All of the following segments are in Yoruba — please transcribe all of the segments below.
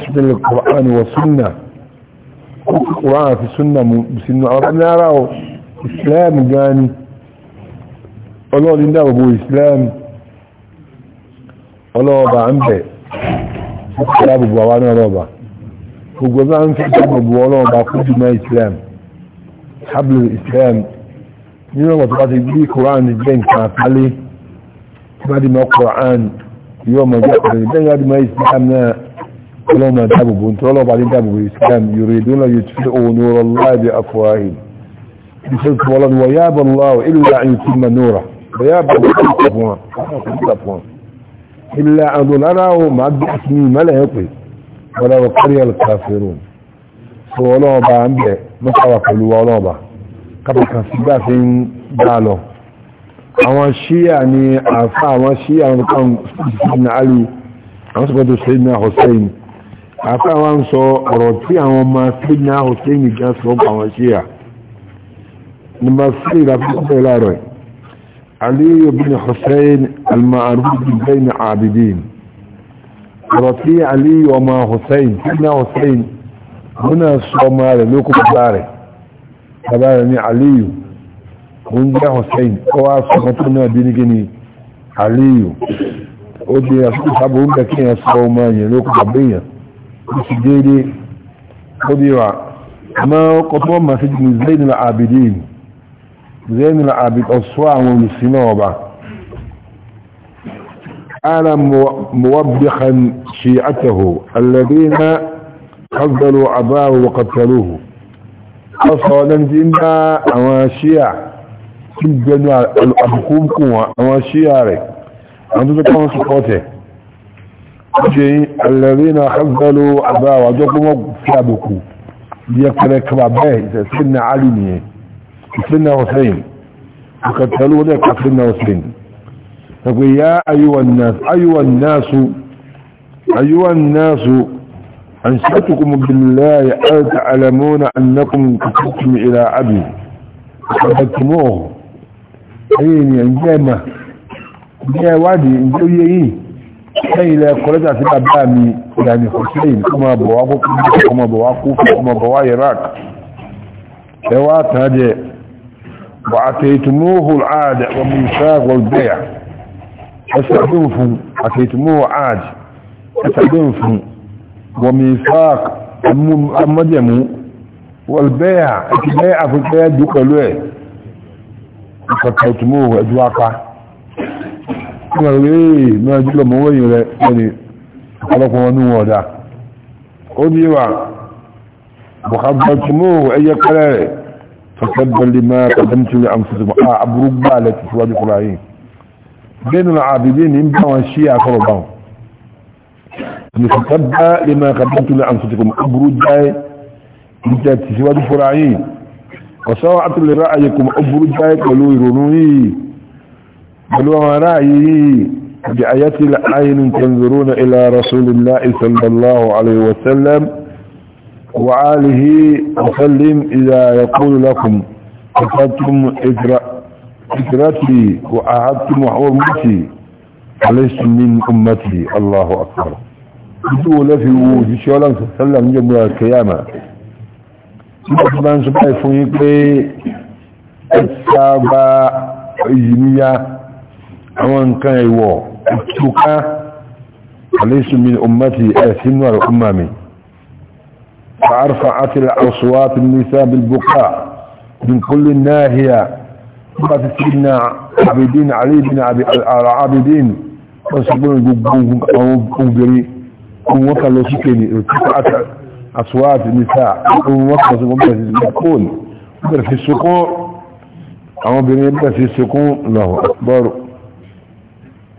يشمل القرآن والسنة القرآن في السنة بسنة أردنا نراه إسلام جاني الله لله أبو إسلام الله أبا عمبي إسلام أبو وانا ربا وقضاء أنت أبو الله أبا كل ما إسلام حبل الإسلام nínú ọ̀tọ̀ bá ti bí kòránì jẹ́ nǹkan àtàlé ما dì mọ́ kòránì yóò mọ̀ jẹ́ ọ̀rẹ́ ọlọ́mọ dábòbò tí ọlọ́ba ní dábòbò islam yorùbá ìdún lọ yóò fi òun nùrọ̀ láàbí afuwahi iṣẹ́ ìfọwọ́lọ́ ni wọ́n yá bọ̀ lọ́wọ́ ilé àyìn tí mà nùrà wọ́n yá bọ̀ lọ́wọ́ ilé àdùn lára o máa gbé àtúnyí mẹ́lẹ̀ yẹn pé wọ́n lọ́wọ́ kárí alkafẹ́rù sọ ọlọ́ọba ń bẹ̀ mọ́sáwà pẹ̀lú ọlọ́ọba kábàkan sí gbà fi ń dá lọ àwọn ṣíyà ni àfa àwọn ṣíyà wọn kan sí ní alì àwọn sọ́kọ́tò sẹ́yìn náà hussein àtàwà ń sọ ọ̀rọ̀ tí àwọn ọmọ sídìnà hussein gan sọ pa àwọn ṣíyà nígbà sí ìrafíkúfẹ́ láàrọ̀ aliyu bin hussein al-ma'aruf bin abidin ọ̀rọ̀ tí aliyu ọmọ hussein sídìnà hussein muna sọ ọmọ rẹ̀ lókùnkùn rẹ̀ bàbá rẹ̀ aliyu òun jẹ́ hussein ọwá sọ mọ́tò náà bí ní gíní aliyu ó di àṣíkò sábò ń bẹ̀ kí ẹ̀ sọ ọmọ yẹn lókùnkùn oṣù déédéé ó bí wa àmọ́ ọkọ̀ tó wọ́n máa abidin zayn abid ọ̀ṣọ́ àwọn olùsìn ọba أنا موبخا شيعته الذين قبلوا أباه وقتلوه أصلا جئنا أما شيع كل جنوع الأبقوم كوا أما شيع رك أنتم تكون سقوطه ṣe alẹ́rìnà hazzalo àbáwà jọ kó wọ́n fi àbòkù bí i kẹrẹ kaba bẹ́ẹ̀ ìsẹ̀sìnà alì nìyẹn ìsẹ̀nà hussein ìkàtàlú wọ́n dẹ̀kà sẹ́nà hussein ẹgbẹ̀ ya ayuwan nasu an ṣatukum billahi an ta'alamuna annakum kasukum ila abi kasukumo ayi ni an jẹ́ ma jẹ́ wádìí ń tó yẹ yìí lẹ́yìn ilẹ̀ kọlẹ́tà sí bàbá mi ìyàmì hussein ọmọ àbọ̀wá kókò ọmọ àbọ̀wá kókò ọmọ àbọ̀wá iraq ẹwà tàájẹ wà àtẹ̀yìtìmóhù ààdẹ ọmọ ìsáàgọ̀ bẹ́yà ẹsàgbọ́n fún àtẹ̀yìtìmóhù ààdẹ ẹsàgbọ́n fún ọmọ ìsáàg amọ́jẹ̀mú wọ́n rẹ̀ wéè máa jùlọ mọ́ wẹ́yìn rẹ̀ ẹni ọ̀pọ̀lọpọ̀ wọn ní wọn ọ̀dá ó ní wà bọ̀kàbọ̀tìmọ́ ẹyẹ kẹrẹ rẹ̀ fọ́sẹ̀bọ̀lì máa kàdámtìlẹ̀ àmfẹ́sùmọ́ àbúrúgbà lẹ́tì síwájú kúrò ayé bẹ́ẹ̀ nínú àbìdí ní bá wọn ṣí àkọrọ̀ bá yìí بل وما رأيه بآيات العين تنظرون إلى رسول الله صلى الله عليه وسلم وآله وسلم إذا يقول لكم أخذتم إجراتي وأعدتم حرمتي أليس من أمتي الله أكبر يقول في وجود شوالا صلى الله عليه وسلم يوم القيامة سبحانه سبحانه يقول إيه السابع إجنية àwọn nǹkan ìwọ̀ ìtùká àlésùmí ọmọtí ẹ̀sìnú àrùkúnmà mi fa'arfa atila asuwati nisa bilbuka min kulli nahiya ba ti ti na abidin alibin al'abidin wọ́n sì gbọ́nà gbogbo àwọn obìnrin ohun wọ́n kà lọ sí kèrè ìtùká asuwati nisa ohun wọ́n kà lọ sí gbọ́nà sí sukun àwọn obìnrin bẹ̀rẹ̀ sí sukun lọ́wọ́ akbar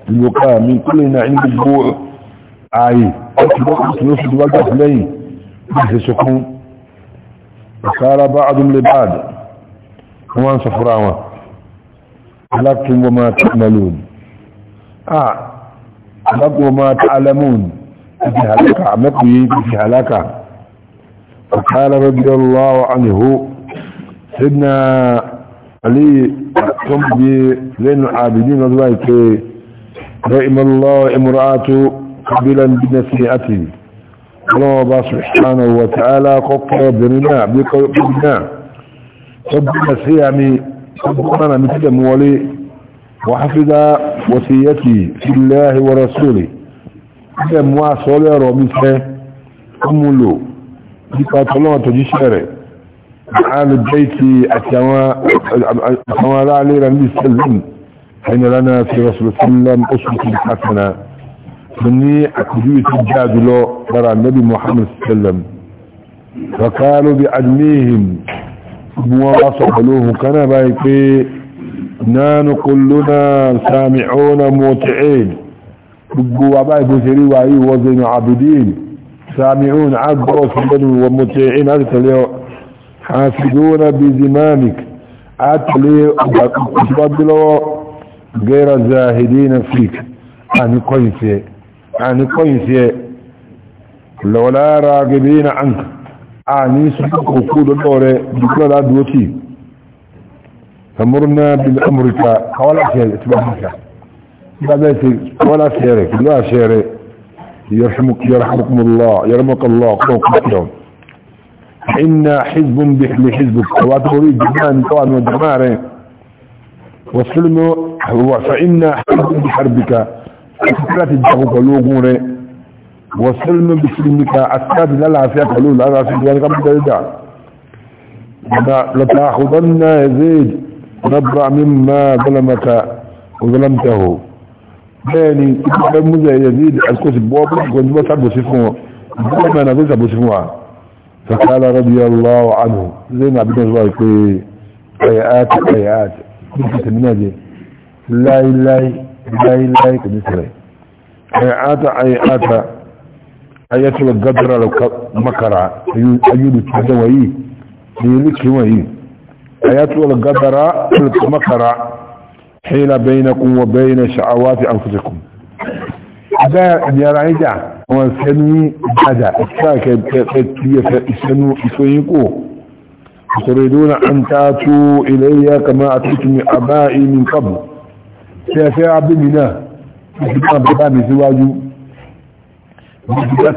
الوقاء من كل نعيم الجوع عاي الوقت يسد وقف لي به سكون وقال بعض لبعض وان سفراوة لكم وما تعملون اه لكم وما تعلمون في هلاكة عمكم يجب في هلاكة وقال رضي الله عنه سيدنا علي ثم بي لين العابدين رضي الله رئم الله امرأته قبلا بنسيئته الله سبحانه وتعالى قطع بننا بنا قد نسيئني يعني، قبلنا مثل مولي وحفظ وصيتي في الله ورسوله كم صلى رميسه أمولو بقات الله تجشره آل البيت أتوا أتوا لا عليه رمسه الزمن حين لنا في رسول الله صلى الله أسوة حسنة مني أكدوية الجاد له برى النبي محمد صلى الله عليه وسلم فقالوا بعلمهم مواصف له كان بايكي نان كلنا سامعون موتعين بقوا بايكو سريوا واي وزين عابدين سامعون عبروا سبنوا ومتعين تليه حاسدون بزمامك أتلي أبقى غير زاهدين فيك عن قيس عن قيس لولا راغبين عنك عن سبق وقود الدورة بكل الأدوتي فمرنا بالأمريكا ولا شيء تبعك بعدين ولا شيرك لا شيرك يرحمك يرحمكم الله يرحمك الله قوم قوم إنا حزب بحل حزبك وتريد جمان قوان ودماره والسلم هو فإن حرب بحربك أسكرت الجهو فلوغون والسلم بسلمك أسكرت للعافية فلوغ للعافية فلوغ قبل درجع لتأخذن يزيد نبرع مما ظلمك وظلمته يعني إبقى مزا يزيد أسكوس بوابك وانت بس أبو سفوه بوابك أنا بس أبو سفوه فقال رضي الله عنه زي ما عبدنا زوارك آيات آيات níbi tèmi náà jẹ láíláí láíláí kò ní sẹ̀rẹ̀ àyàtà àyàtà ayatollah gadara da makara ayyudu cikin wayi da yi likin wayi ayatollah gadara da makara hila bainakun wa baina sha'awati anfusikum da ya rayu da wani sanyi da da isa ka yi sanu isoyin ko تريدون أن تأتوا إلي كما أتيتم أبائي من قبل سيفي عبد الله سيدنا بابامي سواجو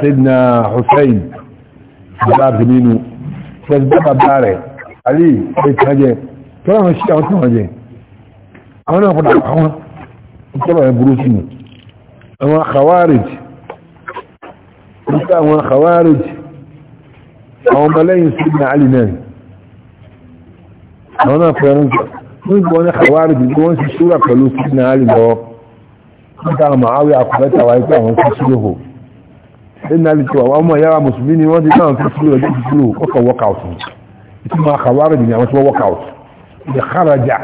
سيدنا حسين باب منه سيدنا باباري علي سيدنا جي ترى ما الشيء أتنا جي أنا أقول لك أنا ترى يا بروسي أما خوارج أما خوارج أما لين سيدنا علي ناني àwọn náà fẹ́ràn jù wọ́n gbọ́ ní àwárí bí wọ́n ti ṣúra pẹ̀lú sínú àlìbọ́ níta àmàáwí àkùnfẹ́ta wáyé pé àwọn ti ṣúrò hò nínú àlìtò àwọn ọmọ ìyára mùsùlùmí ni wọ́n ti workout ìtumọ̀ àkàwárí bí àwọn tí wọ́n workout ìdè kárajà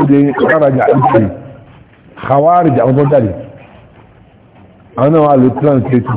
ìdè kárajà ìdè àkàwárí bí àwọn tó jáde àwọn náà wà lè plan kéètù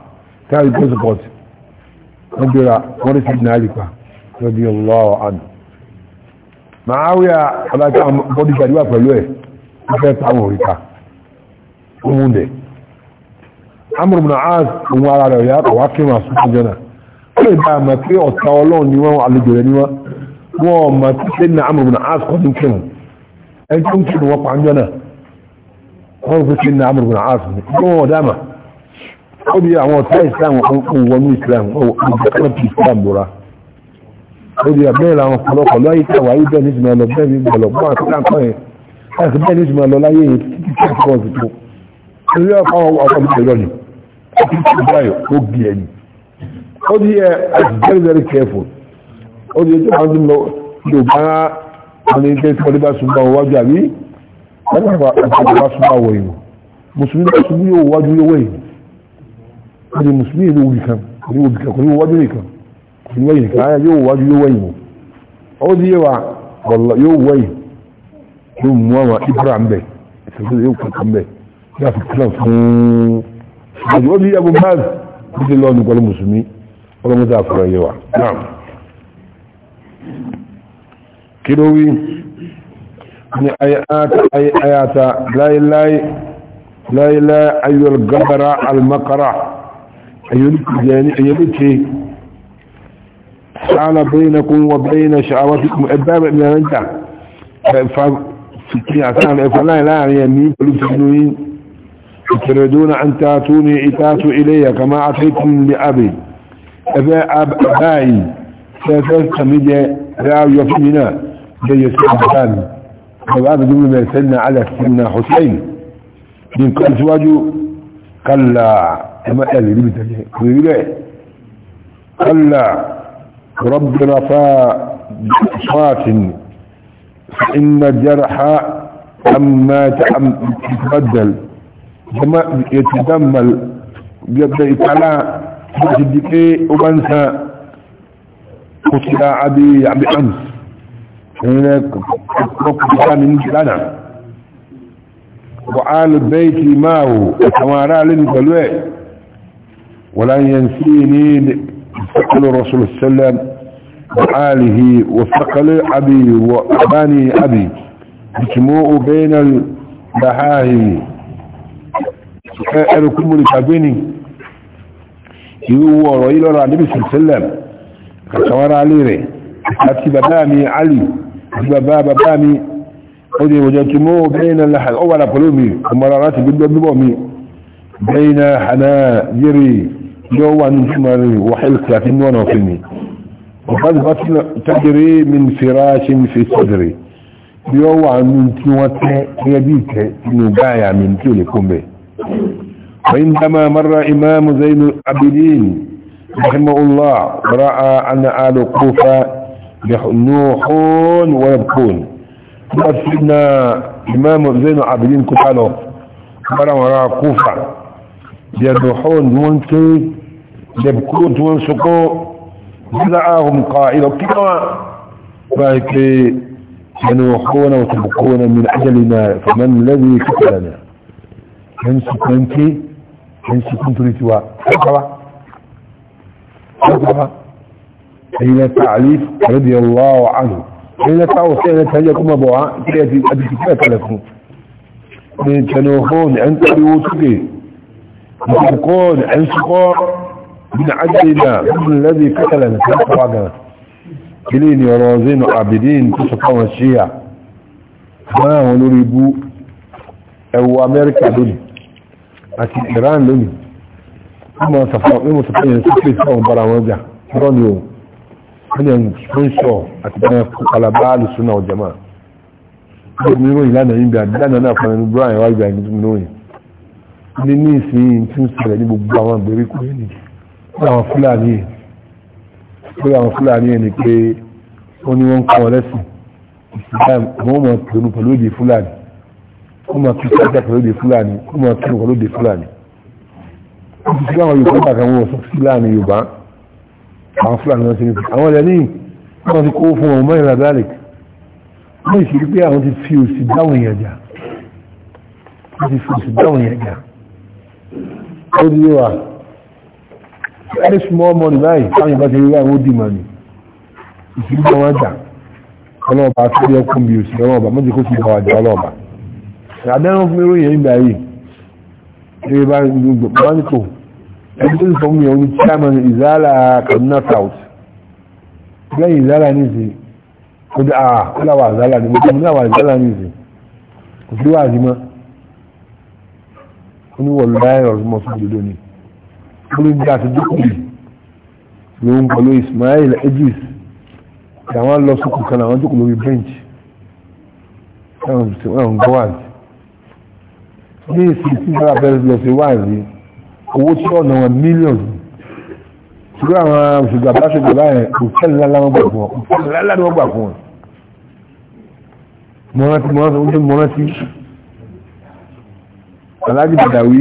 táàrí gbọ́sù pọ̀tì wọ́n gbéra wọ́n rí sí náàrípa lọ́dí ọlọ́wọ́ àdù máa wí àbájá bọ́dí gbàdíwà pẹ̀lú ẹ̀ fẹ́ táwọn òrìta oúnjẹ amúrùmùnà áàz ohun ara rẹ̀ ya kọ̀wá kí wọ́n sún ọjọ́ náà ó lè bá àmà pé ọ̀tá ọlọ́run ni wọ́n àlejò rẹ̀ ni wọ́n wọ́n mà tí ṣe ní amúrùmùnà áàz kọ́ tún kírun ẹni tó ń kírun wọn pa ń jọ fi ṣe ní amúrùmùnà áàz ni wọ́n wọ́n ó di àwọn ọ̀tá islam òwònú islam òjòkọ́lọ́pì islam bóra ó di àbẹ́rẹ̀ àwọn ọ̀pọ̀lọpọ̀ láyé tí àwọn ayébẹ̀ ní ìsìnmọ̀ lọ bẹ́ẹ̀ ní ìgbọ̀lọ̀ fún àtúntàkọ́ ẹ̀ láti bẹ́ẹ̀ ní ìsìnmọ̀ lọ láyé títí tí wọ́n ti tó ilé ọkọ̀ ọkọ̀ mi lọ ni àti tí ó báyọ̀ ó gbé ẹni ó di ẹ àti very very careful ó di ẹjọ́ àwọn ọdún lọ yorùbá àwọn ilé tí wọ́n bá súnmọ́ wájú àbí wọ́n bá súnmọ́ wọ̀ yìí mùsùlùmí bá súnmọ́ yóò wájú yóò wọ̀ yìí ẹni mùsùlùmí ìlú òbí kan kò ní òbí kan kò ní wájú rẹ̀ kan kò ní wáyé kan yóò wájú yóò wáyé wọn ó di yẹwà ọ̀lọ́ yóò wáyé yóò mú àwọn ibra ń bẹ ìṣẹ̀lẹ̀ yóò kankan bẹ yóò fi kílọ̀ fún ṣáàjú ó yẹ bó báàbì ó di lọ́nu pẹ̀lú mùsùlùmí ọlọ́mọdé àfọ̀rọ̀ yẹwà náà kí wí ni ayata láíláí láíláí ayọ̀l almakara أيبكي يعني حال بينكم وبين شعواتكم أباب من أنت فلا لا يمين يعني فلسنوين تريدون أن تأتوني إتاتوا إلي كما أتيتم لأبي أبا أب أباي سميجة راو يفننا جيس ابتان فبعد دون ما يسلنا على سنة حسين من كل سواجه كلا ẹmọ ẹ lè rí mi tẹ̀lé kò lè rí bẹ́ẹ̀ kọ́là فإن جرح أما يتبدل يتدمل يبدأ يتعلى ايه أبنسى قتل عبي عبي أمس هناك قتل من لنا وعال البيت معه وتمارى لنا كلوه ولا ينسيني فقل الرسول السلام بحاله وفقل أبي وأباني أبي بجموع بين البحاهي فقل كم لتعبيني يوو رئيل على النبي صلى الله قصور عليه ري أبتي بابامي علي بابا بابامي قد وجدتمو بين اللحظ أولا قلومي ومرارات بالدبومي بين حنا جري لو أن تمر وحلك لكن وانا وفيني وقد بطل تجري من فراش في صدري لو أن تموت يبيك نبايع من كل به وإنما مر إمام زين العابدين رحمه الله رأى أن آل كوفة يحنوحون ويبكون قد سيدنا إمام زين العابدين كتاله مرة مرة كوفة يدوحون منكي يبكون تنسقوا بدعاهم قائلة كما فهيك ينوحون وتبكون من أجلنا فمن الذي كتلنا ينسك أنت ينسك أنت رتوا حقرة حقرة حين تعليف رضي الله عنه حين تعوصي أن تهجكم أبوها كيأتي أبي كتلك لكم من تنوحون أنت بيوتك ينسكون أنسكون بن عجلنا بن الذي قتلنا فقرقنا كلين يروزين عابدين تسقوا الشيعة ما هو نريبو او امريكا دوني اكي ايران دوني اما سفاق اما سفاق اما سفاق اما براوزة رانيو هنيا سبنشو اتبانا قلباء للسنة والجماعة gbogbo ìlànà yìí bí àdánà náà fún ẹnu brian wáyé àgbẹ̀dùn lóyìn ní ní ìsìn tí ń sẹlẹ̀ ní gbogbo àwọn àgbèríkò yìí nìyí àwọn fúlàní ẹ̀ lórí àwọn fúlàní ẹ̀ ni pé wọ́n ní wọ́n ń kọ́ lẹ́sìn islam àwọn ọmọ pẹ̀lú pẹ̀lú èdè fúlàní wọ́n máa kí sájà pẹ̀lú èdè fúlàní wọ́n máa kí pẹ̀lú èdè fúlàní. wọ́n ti sílẹ̀ àwọn yorùbá kàkà wọn sọ fúlàní yorùbá àwọn fúlàní wọn ti ní àwọn ẹ̀rẹ́ ní wọ́n ti kó fún ọmọ ìlà dalek wọ́n ti rí pé àwọn ti fi òsì dáwọn èèyàn jà wọ́n ti fi òsì dáwọn èèyàn jà ó di wà very small money báyìí táwọn ìbá ti rí àwọn òdì mà ní ìṣúlù wọn wájà ọlọ́ọ̀bà tó yẹ kún bí òsì ọlọ́ọ̀bà mọ́jì kó sì bá wàjà ọlọ́ọ̀bà àdẹ́rùn fún eré yẹn ìgbà yìí eré bá gbọ́n ní tò ẹni tó sọ mí ọ̀hún chairman Izala Kaduna South lẹ́yìn Izala ní ìsìn ó dé àà ah, ó láwà Izala ní gbogbo ní àwà Izala ní ìsìn kò sí wàá jí mọ́ oníwọ̀lú láyé ọ̀rọ̀ mọ́ sódòdó ni olóògbé àti dúkùnlé ló ń pẹ̀lú Ismail Edris àwọn lọ sókùn kan àwọn dúkùn lórí bench ẹ̀wọ̀n gbọ́ wáàzì ní ìsìn tí náírà bẹ̀rẹ̀ lọ sí wáàzì owó tí ọ̀nà wọn mílíọ̀nù ṣùgbọ́n àwọn ṣùgbọ́n bá ṣùgbọ́n báyẹn òtẹ́lì lálá wọn gbà fún wọn òtẹ́lì lálá wọn gbà fún wọn mọ́rántí mọ́rántí mọ́rántí alájì bàdàwí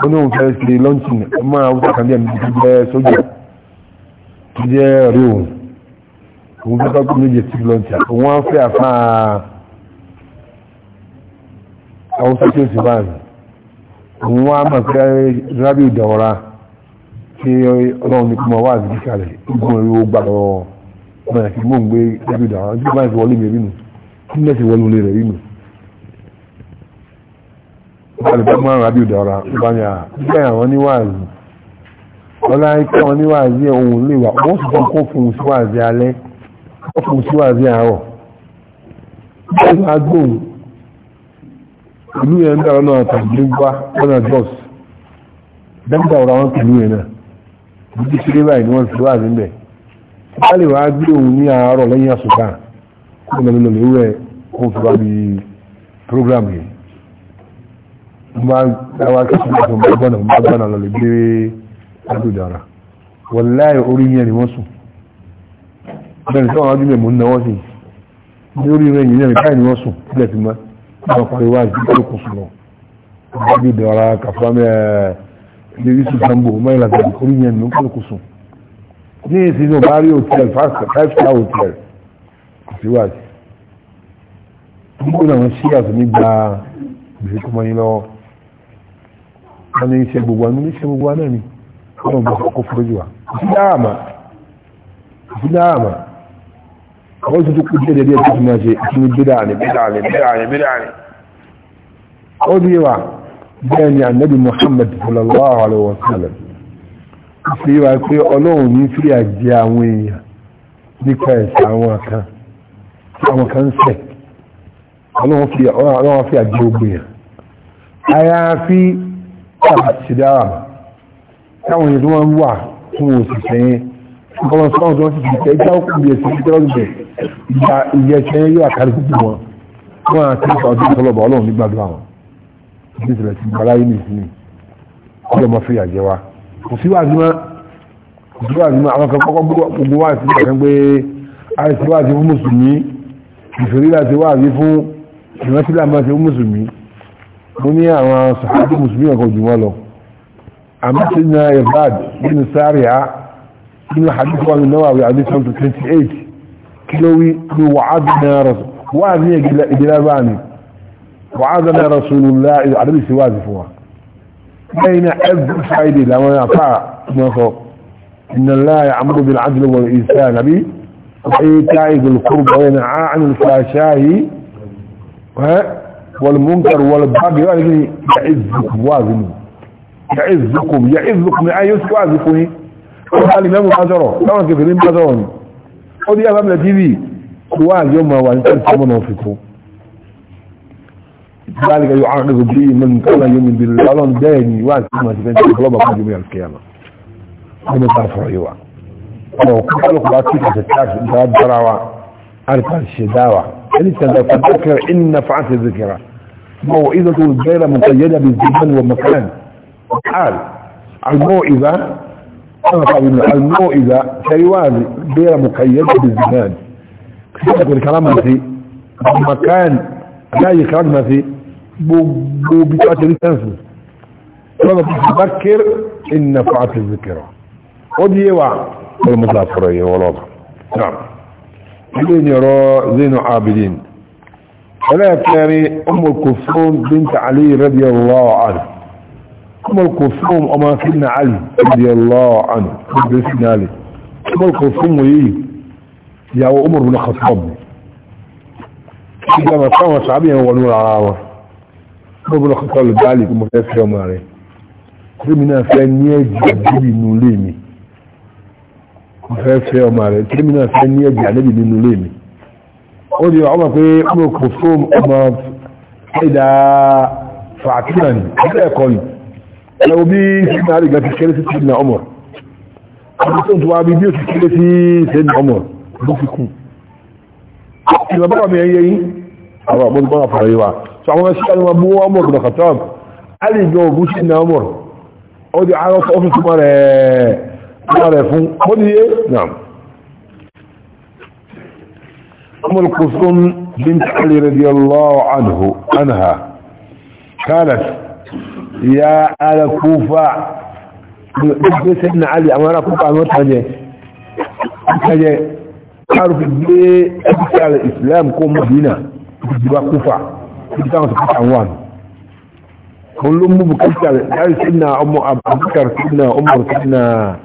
ó ní òun fẹ́ ṣe lọ́ńtì ọmọ àwùjọ kan díẹ̀ níbi jẹ́ sójà tó jẹ́ ọ̀rẹ́ òun òun fẹ́ kọ́kọ́ méje sí lọ́ńtì òun á fẹ́ àfá àwọn sọ́jọ́ sí báyìí òun wá mà fẹ́ rábì ìdàwọ́ra tí ọlọ́run ní kí mo wá àbíkí kalẹ̀ ìgbọ̀n ìwò gbà lọ́wọ́ ọmọ ìyàkí mò ń gbé rábì ìdàwọ́ra tí báyìí wọlé mi rí nù kí mẹ́sì wọlé rẹ̀ rí nù alùpàá márùn àbí ìdọ̀ra ìbáyà bẹ́ẹ̀ àwọn níwáàzì ọlá ikú àwọn níwáàzì ohun lè wà wọ́n sì fún kó fún síwáàzì alẹ́ ó fún síwáàzì àárọ̀ bẹ́ẹ̀ máa gbóhùn ìlú yẹn ń dára náà tàbí gbá lọ́nà jọ́s dẹ́gbà ọ̀rọ̀ àwọn kìlú yẹn náà bí kí lè báyìí ni wọ́n ń bẹ̀ wọ́n lè wá gbé ohun ní àárọ̀ lẹ́yìn àsùnkà kó lọ́lọ́lọ́ lè wẹ̀ kó wá bí program yìí gbọ́nà lọ lè gbére adúdára wọláyé orí yẹn ni wọ́n sùn bẹ́ẹ̀ tí wọ́n adúlẹ̀ mú náwọ́ sí ní orí rẹ̀ yìí rẹ̀ báyìí ni wọ́n sùn ilẹ̀ ti mọ́ wọ́n parí wá ìdíkọ́ kò sùn lọ adúdára kàfámẹ́ lérí sùsàmbò mẹ́rin àti orí yẹn ni wọ́n wọn ní iṣẹ́ gbogbo àmì iṣẹ́ gbogbo àná ni wọn bọ̀ kó fojú wa kò sí dáàmà kò sí dáàmà àwọn tó tó kú díẹ̀ díẹ̀ tó ti máa ṣe kí ni bídà ni bídà ni bídà ni bídà ni ó di wa bẹ́ẹ̀ ni anabi muhammad sallallahu alaihi wa sallam ó fi wa pé ọlọ́run ní fi àjẹ àwọn èèyàn nípa ẹ̀sẹ̀ àwọn kan àwọn kan sẹ̀ ọlọ́run fi àjẹ ogun yẹn àyàfi ṣe dára mà káwọn èèyàn tó wọ́n wà fún òṣìṣẹ́ yẹn ọmọ sọ́wọ́n tó wọ́n sì ti tẹ́ ìjà òkú bí ẹ̀sìn ìjọba ìbẹ̀ ìjà ìyẹ́ ṣe yóò àkárí púpọ̀ wọn wọn àti ìfà ọdún ìfọlọ́bọ̀ ọlọ́run ní gbàdúrà wọn ní ìṣẹ̀lẹ̀ ti gbàlá yìí nìsín ọlọ́ mọ́ fi àjẹ wa kò sí wàá zimá kò sí wàá zimá àwọn kan kọ́kọ́ gbogbo wá sí ìgbà kan pé mo ní àwọn sàhábì mùsùlùmí ọkọ̀ jù lọ àmọ́ sí ibad bin sariya bin hadith wa nínú àwọn hadith 28 kí ló wí rẹ̀ wà ní ìdílé bá ní wa'adna rasul wa ni gila gila bani wa'adna rasulullah re soolu náà every friday làwọn afá náà sọ إن الله يعمر بالعدل والإنسان به وإيتاء ذي القربى وينعى عن الفحشاء والمنكر والبغي يعني يعزكم وازني يعزكم يعزكم اي يسوازكم قال الامام حجره لو كيف لم حجرون ودي امام التي في سواز يوم وان تسمون فيكم ذلك يعاقب به من كان يؤمن بالله داني واسمع بين قلوبكم يوم القيامه من تعرفوا ايوه لو كلكم باتيك تتعب انت دراوا عارف الشداوه انت تذكر ان فعلت الذكرى موعظة غير مقيدة بالزمن والمكان حال الموعظة الموعظة شيوان غير مقيدة بالزمان كتابة الكلام في المكان لا يكرمنا في ببتاعة الانسان فانا تذكر ان نفعت الذكرى ودي وعد والمضافرية والوضع نعم زين يرى زين عابدين ولكن أم الكفرون بنت علي رضي الله عنه أم الكفرون أما سيدنا علي رضي الله عنه سيدنا علي أم الكفرون وإيه يا أمر بن الخطاب إذا ما كان شعبيا هو نور عراوة أمر بن الخطاب لبالي كما تسفى يوم عليه كلمنا فانية جديد نوليمي كما تسفى يوم عليه كلمنا فانية جديد نوليمي ó di ọmọ pé ọmọ kò fún ọmọ ẹ̀dà fàákìlà ní ẹgbẹ́ ẹ̀kọ́ ni ẹwọ bí sínú àrígbà ti kéré sí sínú ọmọ ọmọ tó ń tó wá bí bí ó ti kéré sí sínú ọmọ ló fi kún ìlọ bá mi ẹyẹ yìí àwọn ọmọ ìgbọ́n àfàrà yìí wa tó àwọn ẹ̀sìn kan wọn bú ọmọ ìgbà kàtà àrígbà ògùn sínú ọmọ ó di àárọ̀ ọ́fíìsì mọ́ rẹ̀ fún ó أم القسم بنت علي رضي الله عنه عنها قالت يا آل كوفة سيدنا علي انا كوفة أمارة تانية تانية تعرف ليه أبسي على الإسلام كوم مدينة تجيبها كوفة تجيبها كوفة عنوان كلهم بكتش قال سيدنا أم أبو بكر سيدنا امر سيدنا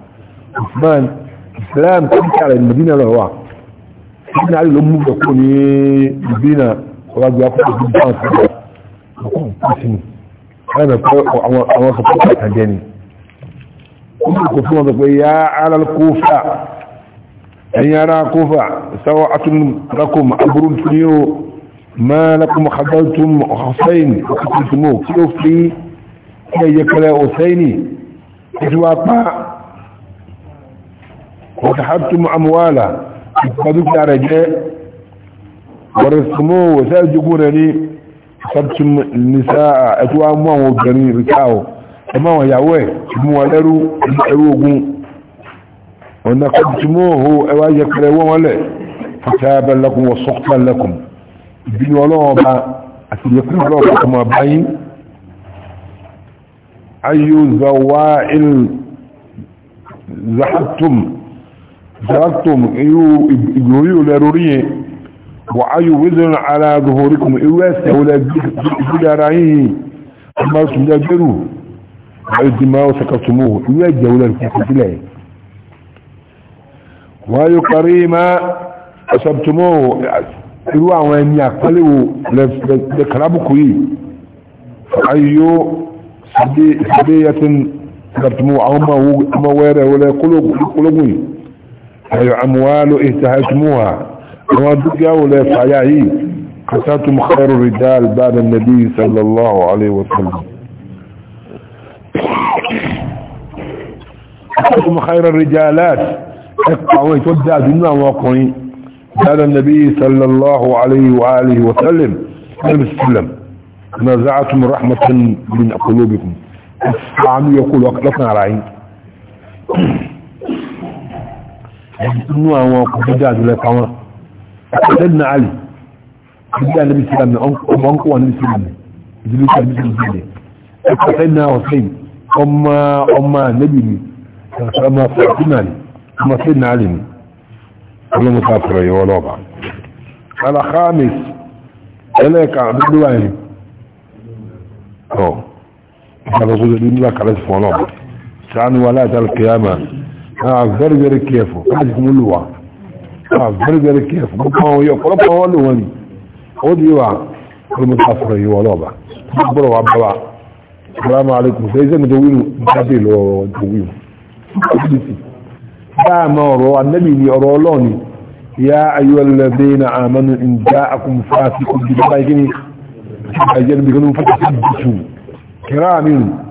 عثمان الإسلام تجيبها على المدينة لهواك ní àlè ló mú ìjọkó ní ìbínà ọlágbé akọ́kọ́ tó bá ń sọ́dọ̀ ọkọ̀ pàṣẹ ni wọ́n yẹ pé àwọn sọ pé kàkà jẹ ni ó mú ìkọ̀ fún wọn sọ pé yá ara kófà ẹ̀yin ara kófà sáwọ́ atúnlákùn aburú tún ní o máa lákùn mọ̀kàdọ́tún ọ̀hásẹ́yìn ọkùnrin tún mọ̀ kí ó fi kí ẹ̀yẹ kẹlẹ̀ ọ̀sẹ́yìn ìtura pa ọ̀tàhàtùm amúwàlà ìpàdúkà rẹ̀ jẹ́ wọ̀rẹ̀sùmọ́ wọ̀sẹ́ jùgbó rẹ̀ ní sọ́tún nìsá ẹ̀kọ́ mú àwọn obìnrin ríkáwọ̀ ẹmọ́ àwọn ìyàwó ẹ̀ mú wọn lẹ́rú ẹrú ogun ọ̀nà kọ́tùmọ́ ohò ẹwà yẹkẹrẹ wọ́n wọlẹ̀ fàtàbẹ̀lẹ́kùn wọ sọ́kùnlẹ́kùn ìbínú ọlọ́ọ̀ba àti yẹkùn ọlọ́ọ̀ba ọmọ báyìí ayé zawa il zahatum ضربتم ايو اجوريو لروريه وعيو وزن على ظهوركم ايواس ولا جدارعيه اما سنجابرو وعيو الدماء وسكتموه ايواجه ولا الكتلاه وعيو كريمة اصبتموه ايوا وين يقلوا لكرابكوي فعيو سبية سبتموه اما ويره ولا قلوبوي أي أموال اهتهجموها ودقا ولا فعياه قساتم خير الرجال بعد النبي صلى الله عليه وسلم قساتم خير الرجالات اقطعوا يتودع دمنا واقعين بعد النبي صلى الله عليه وآله وسلم النبي السلم نزعتم رحمة من قلوبكم السعام يقول على رعين nínú àwọn ọkùnrin tó dáadọ́ lẹ́pa wọn ṣẹ́dínà alì ìdílé alẹ́bí sílámi ọmọ ọkọ̀ wọn níbi sílámi ìdílé sílámi sílámi sílámi ẹ̀kọ́ ṣẹ́dínà ọ̀sẹ̀yìn ọmọ ọmọ nẹ́bì ni ọmọ ṣẹ́dínà alì ọmọ ṣẹ́dínà alì ni ọlọ́mọ sáfẹ́rẹ̀ yọ ọlọ́ba alakamis ẹlẹ́ẹ̀ka àdúgbò wa ni ọ̀ ìṣàkóso ìdílé ah very very careful káàdì fún olùwà ah very very careful gbogbo àwọn yọ ọ̀pọ̀lọpọ̀ wọn lò wọ́n ni ó di wa olùmọ̀tò àfọ̀rọ̀ yìí wọ́n lọ́ba gbọ́dọ̀ wa bá wa salamu alaikum ṣe iṣẹ́ mi tó wíwù jáde lọ tó wíwù dáàmà ọ̀rọ̀ annabi ni ọ̀rọ̀ ọlọ́ni ya ayyọ́lẹ́bẹ̀ na àmànù in já akùn fásitì kò jù bá gini ajẹ́ bí kanú fásitì jù kìrá mìíràn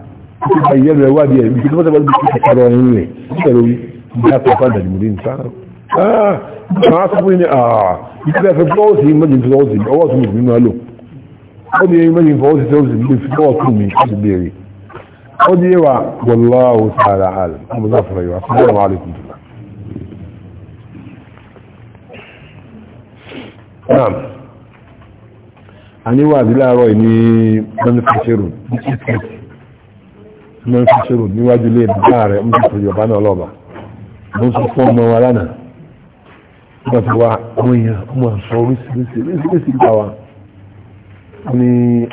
bayyana da wadi yayin duk wata wani biki ta rawa ne ne tsarori ya ta fada da murin sa ah ba su ne ah ita da fawzi majin fawzi ba wasu mutum ne malo ko ne majin fawzi fawzi ne fawzi ne su bere ko ne wa wallahu ta'ala al mu za fara yawa assalamu alaikum na'am ani wa dilawo ni manufacturer mọ́ sí ṣòro níwájú ilé bàbá rẹ̀ ń sọ yorùbá náà lọ́ba mo sọ fún ọmọ wa lánàá nígbà tó wá àwọn èèyàn ọmọ àṣọ oríṣiríṣi oríṣiríṣi gbà wá ní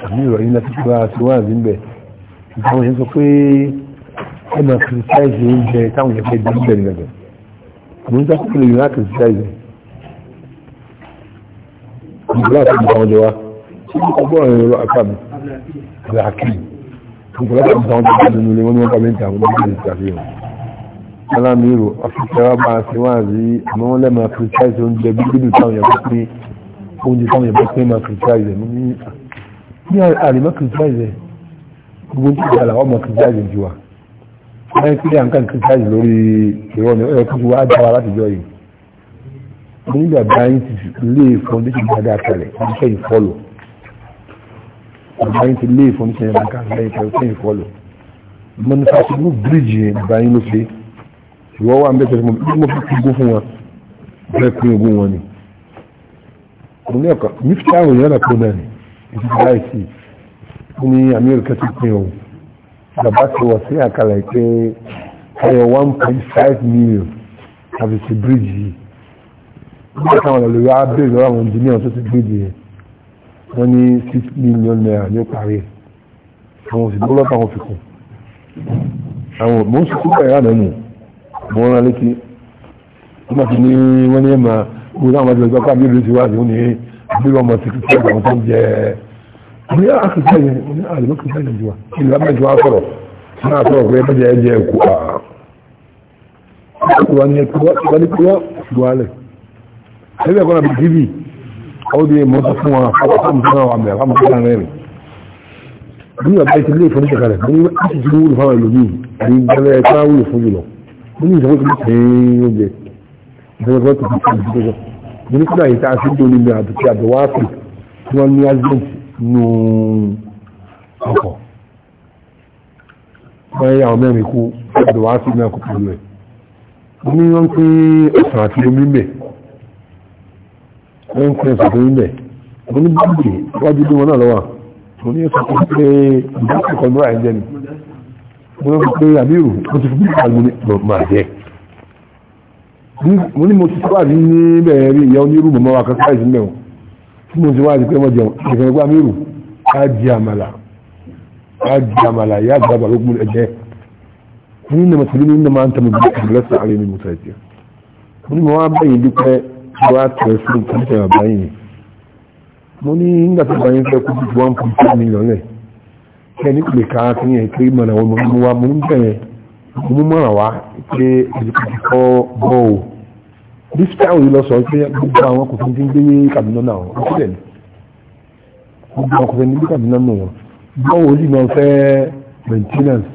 àmì ìrọ̀yìn láti fi wá sí wá àbí ńbẹ àwọn èèyàn sọ pé ẹ máa kìrìsáìsì oúnjẹ táwọn èèyàn fẹ́ jẹ oúnjẹ nìkan àwọn oúnjẹ kò lè yọ láti kìrìsáìsì ìgbà láti ìgbà wọn jọ wá ṣé ọgbọ́n ẹ̀rọ àpá ọ̀pọ̀lọpọ̀ àwọn ọmọ ọmọ nínú ilé wọn ni wọ́n kàbí ń tàbí lórí ìṣàfihàn alámìírò afẹ́kẹ́wà bá ṣe wá sí àmọ́ wọ́n lẹ́mọ̀ kìrìtàìsì oúnjẹ bíbélì táwọn yẹn bá pé oúnjẹ táwọn yẹn bá pé máa kìrìtàìsì ní ní àlèmọ́ kìrìtàìsì gbogbo ní ìgbà làwọn ọmọ kìrìtàìsì ju wa láyé pé à ń kàn kìrìtàìsì lórí ìrọ̀ ní ọ̀yọ́ kí wọ́n á dá wa láti jọ yìí onígbà báyìí ti lé fọ́ndéṣìn dáadáa kalẹ̀ níṣẹ́ ìfọ́lọ̀ àbáyín ti lé ìfọ́n sẹ́yìn nǹkan àbáyín kẹrù sẹ́yìn fọ́lọ̀ mọ́nífàṣíbù bíríìjì yẹn àbáyín ló ṣe ìwọ́ wà ń bẹ́ẹ̀ tẹ̀sí mo fi kí gún fún wọn bẹ́ẹ̀ pín ogún wọn ni mo ní ọ̀kan nífi àwọn èèyàn àpò náà ni ìdí ti láì sí mo ní amẹ́ríkà ti pín òun bàbá ti wọ̀ sí àkàlà pé ayọ̀ one point five million àbẹ̀sẹ̀ bíríìjì yìí nígbà táwọn ọ̀lọ́lọ́wọ́ á bẹ̀rẹ̀ lọ́wọ́ àwọn engineer tó ti bíríìjì yẹn wọ́n ní six million naira ní ó parí àwọn òsì lọ́wọ́ táwọn fi kù àwọn mò ń sùkúrú ẹ̀rọ àná nù mò ń rán létí wọ́n máa ti ní wọ́n ní ẹ̀ma kó táwọn máa ti lọ sí ọkọ̀ àbílẹ̀ ìṣèwà àti wọ́n ní àbílẹ̀ ọmọ ti kìkì ẹ̀gbọ́n tó ń jẹ mo ní àkìkì ẹ̀yẹ mo ní àlùmọ́ kìkì ẹ̀yẹ jù wá ìlú abẹ́jọ wa sọ̀rọ̀ máa sọ̀rọ̀ pé ẹgbẹ́jẹ ẹ̀jẹ̀ ẹ̀kú àwọn ẹ̀kú ó di mọ́tò fún wọn fún fún àwọn àmì àmì fún rẹ̀ bí ọ̀bá ti lé ìfọ́nìṣẹ́ kalẹ̀ ní láti ti wúlò fáwọn ìlòmí àti ìgbẹ́lẹ̀ ẹ̀ká wúlò fún jùlọ ó ní ìṣòwò tó ní ṣe oúnjẹ ìṣòwò tó ti fi ṣe ìṣòwò mo ní kúrò àyíká sí ìdó nílé àbùkí àbẹ̀wáàpì tí wọ́n ní accident nù ọkọ̀ wọ́n yẹ àwọn mẹ́rin kú àbẹ̀wáàpì náà kò pẹ̀lú ẹ̀ mo ní wọ́n pé ọ̀sán àti omi mẹ́ wọ́n ń kún ìsọ̀kún ilẹ̀ mo ní báńkì wájú bí wọn náà lọ́wọ́ mo ní ìsọ̀kún pé ìdáhùn kan lóra ẹ̀jẹ̀ ni mo ní pé àbírù mo ti fún ìgbà mi máa jẹ́ mo ní mo ti sọ́wà ní bẹ̀rẹ̀ rí ìyá onírú mọ̀mọ́ wa kan káyìí sílẹ̀ wọn tí mo ti wá àti pé wọ́n jẹun ìfẹ́ gbá mírù á àmàlà á àmàlà ìyá àgbàlagbà ló gbúdọ̀ jẹ́ mo ní mo sàìtì mo ní mo wá tẹ̀ fún ìpínlẹ̀ àbáyìn mo ní nígbàtí àbáyìn fẹ́ kú bí one point ni ẹ̀kẹ́ ìmọ̀ràn wọn mú wa mo ń bẹ̀rẹ̀ mo mú mọ̀ràn wá pé ẹ̀dùkàtì kọ́ bọ́ o dísítà òye lọ sọ pé gbogbo àwọn kò fi ń maintenance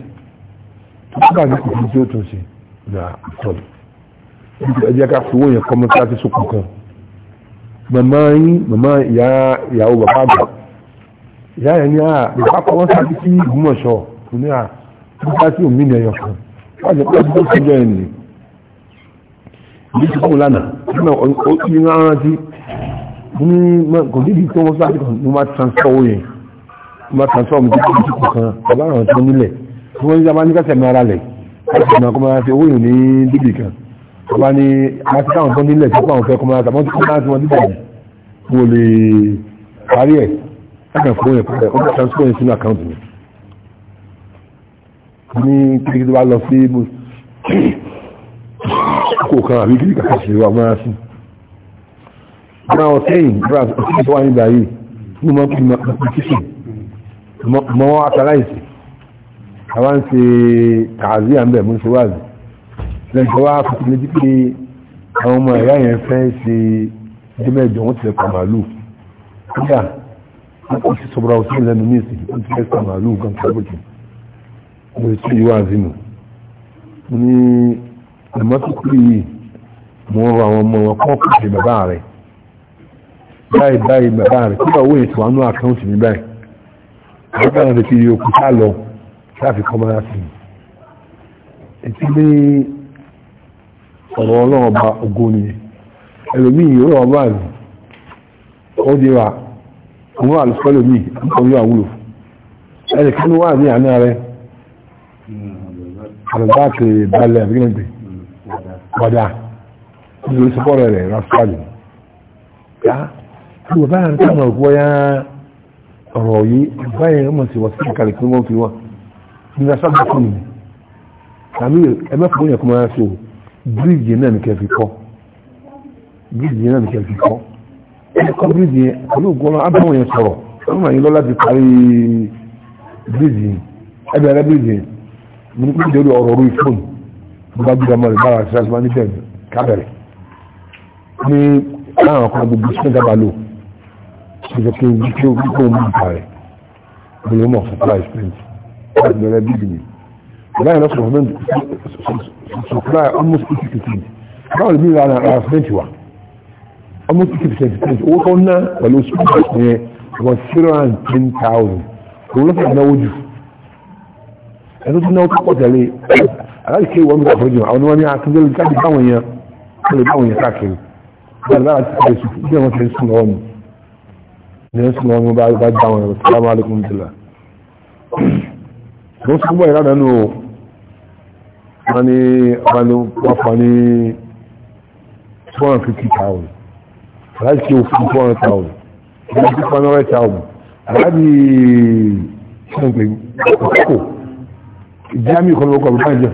tó bá ní kò fi tí ó tún ṣe ìgbà ìtọ́lù ẹjẹ́ ká fi wọ́n yẹn kọ́ mọ́sálásí sókùn kan màmá yín màmá ìyá ìyàwó bàbá àgbà ìyá yẹn ní à bàbá kọ́ wọ́n sáájú sí ìgbìmọ̀ṣọ́ fún ní à mọ́sálásí òmí ni ẹ̀yọ̀ kan wọ́n jẹ́ pé ó ti jọ ẹ̀ nì ìdí ti kọ́ lánàá nígbà ó ti ń rántí ní kò dídì tó mọ́sálásí kan ló máa transfer owó yẹn ló máa transfer omi tó ti kù kan bàbá àwọn tó nílẹ̀ tí wọ́n ń ọba ni àti táwọn tó nílẹ̀ tó pàwọn fẹ́ kọmọ láti àwọn tó kọmọ láti wọn dídà mo lè parí ẹ̀ láti ẹ̀kọ́ yẹn pẹ̀lú ọjọ́ transfer yẹn sínú àkáǹtì mi ní kíkí tó bá lọ sí kò kan àbí kíkí kàkà sí wa mọ́ra sí náà ọ̀sẹ́yìn brass ọ̀sẹ́yìn tó wà nígbà yìí ní mọ́ kí mọ́ mọ́ àtàláìsì àwọn ń ṣe tààzí àmbẹ̀ mú ṣe wáàzì lẹ́jọ́ wá fún mi jí pé àwọn ọmọ ẹ̀yà yẹn fẹ́ ṣe jẹ́mẹ̀jọ wọ́n ti rẹ̀ kàmàlù kódà wọ́n kò sí sọ̀rọ̀ àwọn sílẹ̀ lẹ́nu ní ìsìn wọ́n ti rẹ̀ kàmàlù gan kábòjì mo sì yíwá àzínú ní ẹ̀mọ́tòkúrì yìí mo ń rọ àwọn ọmọ wọn kọ́ kò sí bàbá rẹ̀ báyìí báyìí bàbá rẹ̀ kódà owó ètò àánú àkáǹtì mi báyìí bàbá rẹ̀ ọ̀rọ̀ ọlọ́run ọba ògo ni ẹlòmíì yóò rọ̀ ọba àlù ó di wa àwọn àlùfọ́lò míì àkọ́rí àwúlò ẹnì kan wà ní àná rẹ àlùbáàkì balẹ̀ àbígbẹ̀gbẹ̀ padà nítorí sọpọ́rọ̀ rẹ̀ rásùpàdé yá tí wọ́n bá ń tàn ọ̀rọ̀ wọ́yá ọ̀rọ̀ yìí báyìí ọmọ sí wọ́n sí ìkàlẹ̀ kí wọ́n fi wọ́n ní rásùpàdé fún mi tàbí ẹgbẹ́ fún yẹn kó máa ṣe òun bíríìjì náà ní kẹfì kọ́ bíríìjì náà ní kẹfì kọ́ ẹ̀kọ́ bíríìjì yẹn olóògùn ọlọ́run abáwọn yẹn sọ̀rọ̀ ọlọ́run àyìn lọ́la ti parí bíríìjì yẹn ẹbẹ̀ rẹ bíríìjì yẹn mo ní kí lórí ọ̀rọ̀ orí fóònù mo bá gbígbà mọ́lẹ̀ bára àti sàṣìmá níbẹ̀ kábẹ̀rẹ̀ ní láwọn ọkọ̀ gbogbo sí mẹ́ta que lò ṣèjọ kí n kí ó kí ó mú ìgbà rẹ̀ mo lè mọ̀ fún láyé lọ́sọ̀ ọ̀hún sọ̀kúrà almost eighty percent báwo lè bí ra almost eighty percent fẹ́ǹtì owó tó ń ná pẹ̀lú sọ́kúrà yẹn wọ́n zero and ten thousand òun ló fẹ́ náwó jù ẹ̀tọ́ tó náwó tó pọ̀ tẹ̀lé aláìsí wọn bá fọ́jú àwọn oníwọ́n ní akíndélé jáde báwọn yẹn kó lè báwọn yẹn káàkiri báyìí lára ti fẹ́ sùn bí wọ́n ti ń sùn lọ́wọ́ mi ní ń sùn lọ́wọ́ mi bá bá dáwọn ẹ̀rọ sàlámù alaykum dìlà. wọ́n sọ wọ́n ní ọ̀pọ̀ ní 250,000 aláàjì kí o fún 200,000 ẹgbẹ́ tí wọ́n rẹ̀ tààbù aláàjì ṣẹ́ǹpẹ̀ ọ̀pọ̀ ìjámi ìkọlọ́kọ̀ báyìí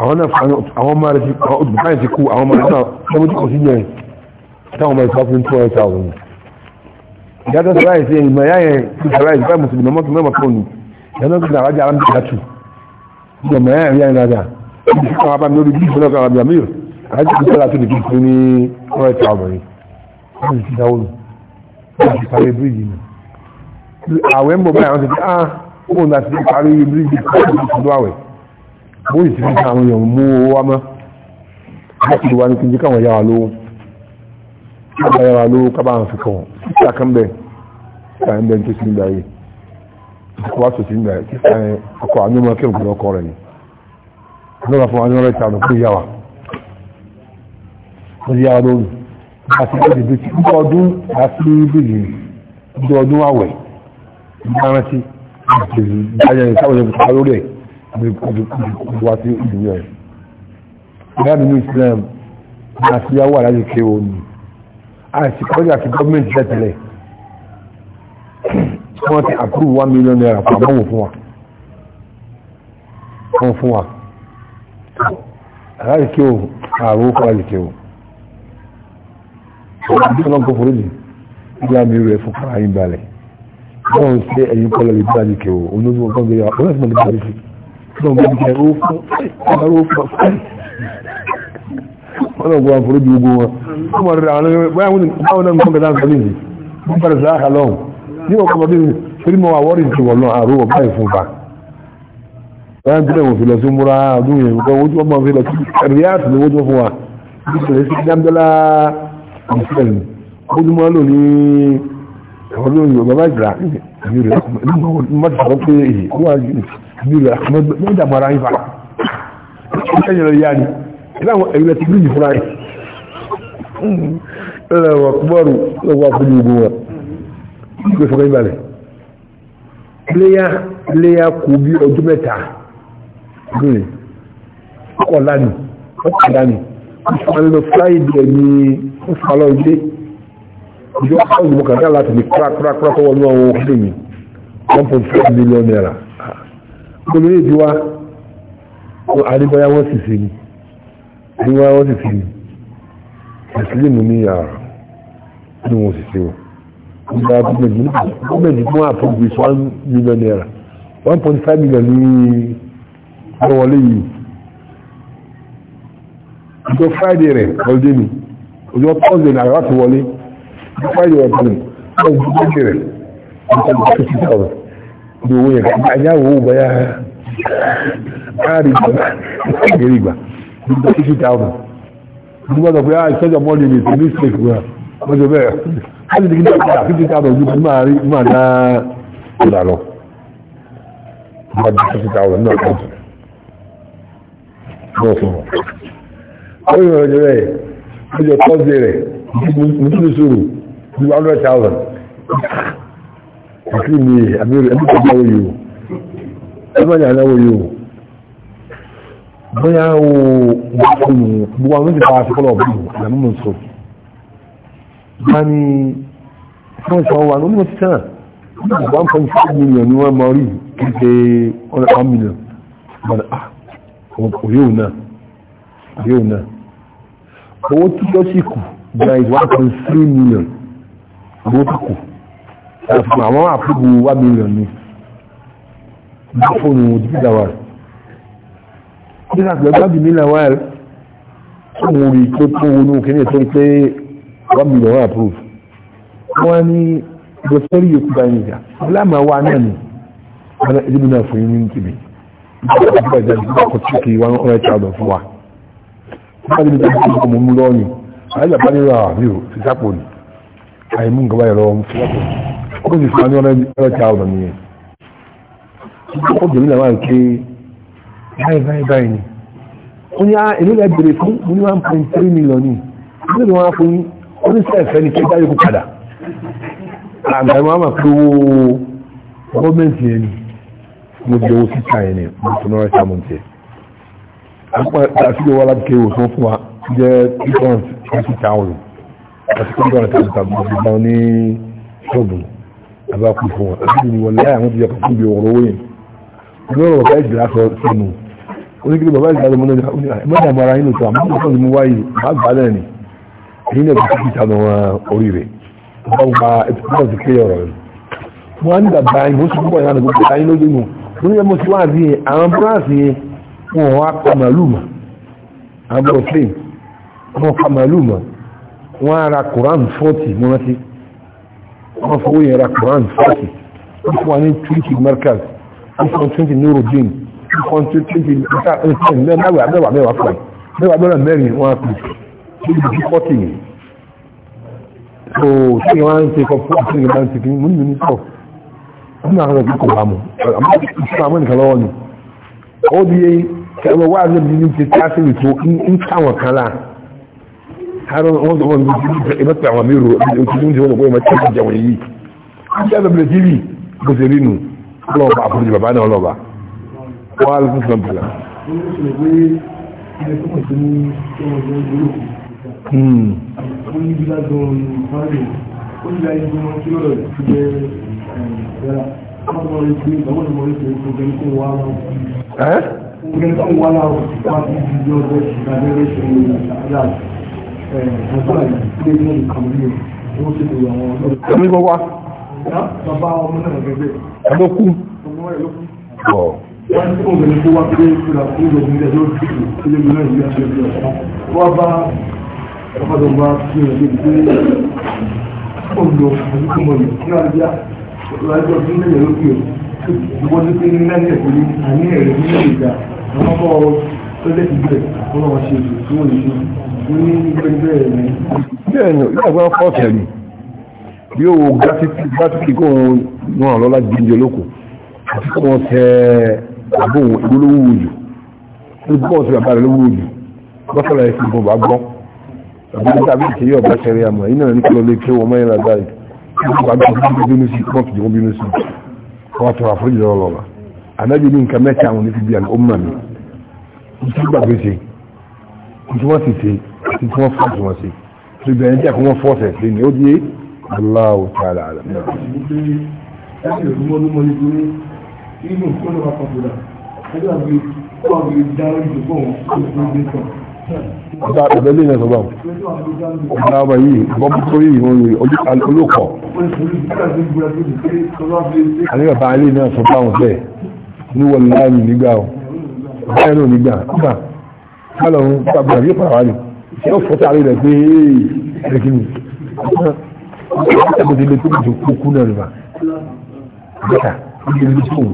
àwọn náà àwọn ọmọ rẹ̀ ti kú àwọn ọmọ rẹ̀ náà lọ́wọ́ tí kò sí jẹ́ táwọn ọmọ ìfà fún 200,000 ìyá tó sọ láì sí ẹ̀yìn mọ̀ yáyẹ̀ tó sọ láì sí báyìí mùsùlùmí ọmọ tó mẹ́mọ̀ tó nù ìyá náà tó sọ ọmọ ẹ̀ rí àìdájà àwọn abámi lórí bí ìfúnnà kan àbíàmí rẹ̀ àti ìfúnnà láti lè kíkú ní ọ̀rẹ́ ìta ọmọ yìí wọ́n ti dáwọ́ lù wọ́n ti parí bíríìjì nù àwẹ̀ ń bọ̀ báyìí àwọn ti fi á ó nà ti parí bíríìjì kọ́ọ̀tù àwẹ̀ bó ìsìn ní àwọn èèyàn mú owó wá mọ́ láti wá ní kíkí káwọn yára lówó káwọn yára lówó kábàáhàn fi kàn wọ́n ọkọ̀ asòsì ń bẹ̀rẹ̀ kíkà ẹ̀ ọkọ̀ anyọ́mọ kí ni lọ́wọ́ fún anyọ́ rẹ̀ tàbí kó yáwa ó yá lórí àti ìdí bí ti ọdún àti bìrì ní ọdún àwẹ̀ ìdárántí ìdájọ́ ìsáwọ̀ yẹn kọ́ lórí ẹ̀ ìwà sí ìdílé rẹ̀ ìdá nínú Islam àti yáwó àlájì kéwòn ni àti kọjá àti gọ́ọ̀mẹ̀ntì tẹ̀tẹ̀lẹ̀ wọ́n ti approve one million naira fún àmọ́wò fún wa fún fún wa aláìkí o ààrùn ó fún àìkí o ọdún ọlọ́gbọ́n foríjì ìgbà mi rẹ̀ fún fún àyín balẹ̀ wọ́n ṣe ẹ̀yìn kọlọ̀ lè bá àìkí o olóògbé ọgbọ́n gbé wa olóògbé ọgbọ́n gbé sí ọdún ọgbọ́n gbé ó fún ààrùn ó fún àìkí wọ́n ọgbọ́n foríjì gbogbo wọn wọ́n mọ̀ rẹ̀ àwọn ọmọ báyà wọn náà ń kọ́ ní ọkọ̀ ọmọdé torí mọ́ àwọ́rì ti wọ̀ náà àrò ọ̀gá ìfúnpa báyìí tí lẹ́wọ̀n fi lọ sí múra ọdún yẹn nǹkan owó tí wọ́n máa fi lọ sí ríáàtì ni owó tí wọ́n fún wa ní ìṣẹ̀lẹ̀ sí dámdọ́lá ìṣẹ̀lẹ̀ owó tí wọ́n lò ní ọdún yìí ọgbà báyìí rà ní rẹ̀ mọ́tò sọ pé èyí ó wà ní rẹ̀ mọ́tò àmọ́ra yìí fà ṣe yẹrẹ yá ni ìlànà ẹ̀yìnlẹ̀ ti bí yìí fúnra yìí ẹ̀rọ ọ̀pọ̀ ọ̀rọ̀ lọ́wọ́ fún gbogbo wọn gbé fọkàn yín balẹ̀ léyà léyà kú bí ọdún mẹ́ta gbèrè ọkọ̀ lánì ọkọ̀ lánì ọkọ̀ lọ fúláìdì ní ọ̀fàlọ́ ilé ìjọ ọ̀sán mọ̀kànlá láti ní kúrakúrakúra kọ́wọ́ ní ọwọ́ òkúlé mi one point five million naira gbogbo ní ìdíwá àdìgbọ́yà wọ́n sì sí ni àdìgbọ́yà wọ́n sì sí ni ìsìlímù ní yàrá ni wọ́n sì sí wọn ìgbà gómìnà gómìnà fún àpògbè is one million naira one point five million ní ọwọlé yìí ọjọ́ friday rẹ̀ ọdún ni ọjọ́ thursday náà láti wọlé ọjọ́ friday rẹ̀ ọdún ọjọ́ friday rẹ̀ ọjọ́ fifty thousand ní owó yẹn kàkà ajá wo wò báyà káàrí ìgbà káàrí ìgbà ọjọ́ fifty thousand ọjọ́ bá sọ pé ah ìṣẹ́jọ́ mọ́lì mi ti ní ìṣèkú wa ọjọ́ bẹ́ẹ̀ hali digi ní ọjà fífi ká lọ ojúbọ máa rí máa dá ọ̀dà lọ máa dá fífi ká lọ ní ọjà jù náà fún wọn. ó yọ ọjọ́ rẹ̀ ọjọ́ tọ́sí rẹ̀ nítorí sòrò ní one hundred thousand àti mi àmì ẹni tó bá wọ̀nyí o ẹ má yàrá wọ̀nyí bani fún ìṣọ́ wa lórí ọtí tán one point five million ni wọ́n mọ̀ rí kíkẹ́ one hundred million bọ́dà ah òye òun náà òye òun náà owó tí ó sì kù gba is one point three million owó tó kù àfihàn àwọn àfihàn one million ni bá fóònù dídá wa nígbà tí wọ́n gbàgbé mílíọ̀nù wáyà fóònù orí tó tó wọnú kíní tó ń one million one approve wọ́n ní dọ́kítọ́rì yóò kú báyìí nìyà ọlọ́mọ wa náà ni wọ́n ní ẹ̀dínmù náà fún yín ní tìbí nígbà tí wọ́n kọ́ tí kì í wọ́n ọ̀rẹ́ tí a lọ fún wa nígbà tí wọ́n kọ́ mọ̀ mú lọ́ọ̀nì àyẹ̀lẹ̀ bá nílò àbí o ti sápò ní àyẹ̀mú nǹkan báyìí lọ́wọ́ mú sápò ní ó sì fún wa ní ọ̀rẹ́ tí a lọ nìyẹn ó dèmí náà máa ń ké báyìí báyìí báyìí ni ó ní à èmi náà bèrè fún mo ní one ní ìdílé á fún oníṣẹ́ ìfẹ́ ni kí dáyé kú padà àgbàmọ́ àmà pé owó gọ́ọ̀mẹ́ntì yẹn ni mo jẹ owó síta yẹn ni mo tún náà ṣàmù jẹ àpá àfihàn wa láti kéwò tó fún wa jẹ́ two hundred twenty thousand àti two hundred thirty thousand mo ti gbà ní ṣọ́ọ̀bù abákú fún wa àti ìlú wọn láyà wọn ti yàtọ̀ fún bí ọ̀rọ̀ owó yẹn ní ọ̀rọ̀ bàbá ìjìlá sọ sínú oníkiri bàbá ìjìlá sọ mọ́nà ìmọ̀dàmọ́ra yín lò tó àmọ́ nínú ẹgbẹ́ títí tanu oríire ọba gba ẹtùkúrọ̀ sí pé ọ̀rọ̀ rẹ̀ wọ́n á ní dàbà yìí wọ́n sì púpọ̀ ìlànà gbogbo ìtayín lójú nù wọ́n yẹ mo ti wá sí àwọn france yẹn wọ́n wá pa màálù mà àwọn bọ̀rọ̀ spain wọ́n pa màálù mà wọ́n á ra quran forty mọ́ rántí wọ́n fowó yẹn ra quran forty wọ́n fún wa ní twenty markers wọ́n fún twenty neurodin wọ́n fún twenty mẹ́wàá mẹ́wàá mẹ́wàá mẹ́wàá mẹ́rin wọ́n á pè é tí ìlú ti pọ́tì yìí so tí wọ́n ń ṣe kọ́pọ́ àti ìlú máa ń ṣe kí mú nínú sọ wọ́n náà rẹ̀ kíkọ̀ bá mu àmọ́ ìṣúná àwọn nìkan lọ́wọ́ ni ó di ẹ̀rọ wá ní ibi ní ti káṣí ìtò ń káwọn kan láà harin wọ́n tó wọ́n ti ti ìmọ̀tí àwọn mẹ́rọ òtútù ń ti wọ́n lọ́gbọ́n ìmọ̀tí àwọn ìjẹun yìí ṣé ẹ̀rọ bẹ̀rẹ̀ tv bó ṣe rí nu ọlọ́ọ̀bà àforíjì bàbá náà ọlọ́ọ̀bà wọ́n á lọ́ọ́ fún fún ọ̀bẹ̀rẹ̀ wọ́n ní bílá gan-an ìfọ́nrẹ́ ó ní láyé gbọ́n kí lọ́dọ̀ ti jẹ́ ọmọ rẹ̀ pé ìgbàwọ́n ọmọ rẹ̀ pé ìgbàwọ́n kó wá wọn. ìgbàwọ́n kó wá wọn wá sí ibi ọjọ́ ìgbàlẹ́rẹ́ ṣe ní ìgbàlá ẹ̀ẹ́dọ́gbà ilé ìgbàlẹ́ ìkàwé wọ́n ṣètò àwọn ọlọ́dọ̀. ẹ̀mí gbọ́ wá. ọmọ náà gẹ́gẹ́. ẹ̀ ló kú. ọmọ rẹ̀ ló kú ọ̀pọ̀lọpọ̀ máa fi hàn níbi pé ó lo àdúgbò mọ̀lẹ̀ ní lájọ́ tí ń lẹ́yìn lókè ìwọ́n ní pé ní lẹ́yìn ẹ̀kọ́ ní àní ẹ̀rẹ́ ní ìgbà àwọn ọkọ̀ tọ́lẹ́tì bẹ̀rẹ̀ àwọn ọmọ ṣe ètò tí wọ́n lè ṣe ní ìgbẹ́ bẹ́ẹ̀ ni. bẹ́ẹ̀ ni bí ó wo gráfíkì kó kó wọn tẹ àbóhùn àbí tàbí ìkéré ọ̀gá ṣẹ̀rẹ̀ àmọ́ iná ní kí lọ lè kí wọ́n mẹ́rin lágbàáyé nípa bí wọ́n bínú sí wọ́n fi wọ́n bínú sí wọ́n tọrọ àforíjì lọ́wọ́ lọ́wọ́ ànábì ní nǹkan mẹ́ta àwọn onífi bí àwọn ọmọ mi nítorí gbàgbé ṣe nítorí wọ́n sì ṣe àti tí wọ́n fọ́ọ̀sì wọn ṣe tó bẹ̀rẹ̀ jẹ́ kó wọ́n fọ́ọ̀sì ẹ̀ ṣe ni ó di Allahu ta'ala alam náà ọba ìbẹ̀lẹ̀ ilẹ̀ sọ́gbà ọba ọba yìí bọ́bùkọ́ yìí olókọ̀ àníkàtà ilé náà sọ fáwọn bẹ́ẹ̀ ní wọ́n láàrin nígbà ọ̀ bẹ́ẹ̀ náà nígbà nígbà kálọ̀ ń gbàgbà yóò pàrọ̀ wá ní ṣé ó fọ́tà rẹ̀ pé ẹ̀rẹ̀ kí ni ọ̀pọ̀ ilé tó kù tó kú náà rẹ̀ bẹ́ẹ̀ ilé ilé tó kù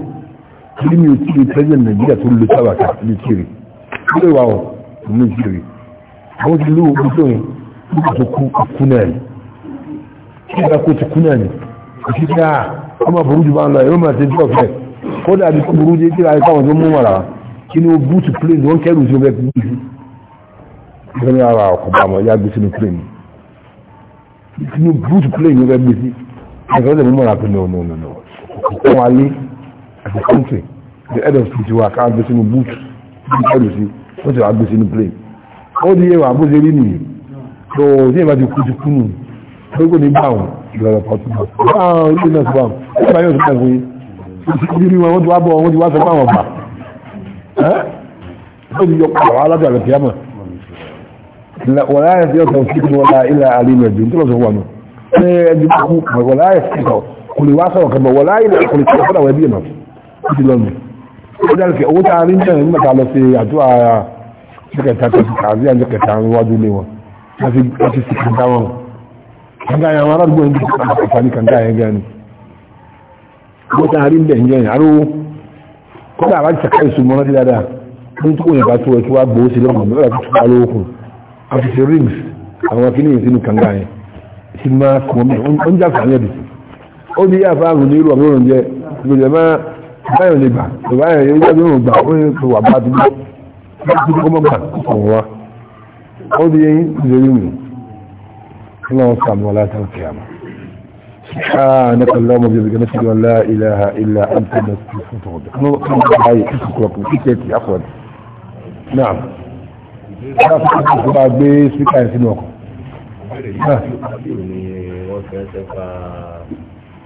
kí ni mi ò tí ì tẹ́jẹ̀ nàìjíríà tó lè sábà ká ilé kiri ó lè wà ọ̀ méjìlè àwọn ti lé ogun tó yẹn nígbà tó kú ikú náà ni kí ìgbà kó ti kú náà ni kò sí pé àà ah, ọmọ burú jù bá ń lọ ẹ̀rọ máa ti jọ fẹ́ kódà àbí kó burú jẹ́ kíra ẹ̀ka àwọn tó mú wàrà kí ni o búùtù plane wọn kẹrù sí ọgbẹ́ kúrú sí ìgbà ní ara ọkọ̀ bá mọ̀ ya gbé sínú plane kí ni o búùtù plane wọn fẹ́ gbé sí ẹ̀ka ọ̀dẹ̀ mú wàrà pé nọ̀ nọ̀ nọ̀ kò wọlé àti kọ́ńtì the head of state wa ká gbé sínú búùtù kẹrù sí ó ti wà gbé sínú plane ó di ẹwà bó ṣe rí nìyí tó ṣe ìbá ti kú ti kú nù lóko ní gbà wọn ìrọ̀lẹ́ báwọn ilé náà sọ báwọn ẹgbẹ́ yóò sọ fún ìdí rí wọ́n ti wá bọ̀ wọ́n ti wá sọ fáwọn ọ̀bà ó ti yọ pàwọ́ alájọ àlẹ́ fìyàmọ̀ wọ́n láyé tí ó sọ sí kí wọ́n la ilẹ̀ àlejò tó lọ sọ wọn ṣe ó dá lókè owó tá a rí náà nígbà tá a lọ sí àdúrà jẹ́kẹta tó ti kàrí àjẹkẹta níwájú ilé wọn láti láti sí kàńgá wọn kàńgá yẹn àwọn aládùúgbò ń dìbò àǹfààní kàńgá yẹn gan ni owó tá a rí bẹ̀ ń jẹ́ yẹn aró kọ́dà àbájá ṣàkà ìṣùmọ́ rántí dáadáa ó tó òyìnbá tó ẹ̀ tó wá gbowó sí lọ́gbọ̀n mẹ́wàá tó tó alóòkùn àti ti rings àwọn akíní sínú kànga yẹn ti máa kọ́ mi ó ń jà fún àyẹ̀dì ó ní yá ní irú ọ̀gbọ́n jẹ lójẹ máa báyọ̀ lè gbà ìwáyọ̀ yẹn yẹ́ lóòrùn gbà ó yẹ kó wà bá dúró láti kó mọ́ gbà ọ̀hún wa ó di yẹn lórí mi ọlọ́run sàmù aláta òkè àmà سبحانك اللهم وبحمدك نشهد ان لا اله الا انت نستغفرك ونتوب اليك نعم gbé síkà ìsinú ọkọ̀. Ìbéèrè yìí ah. ni wọ́n fẹ́ sẹ́fà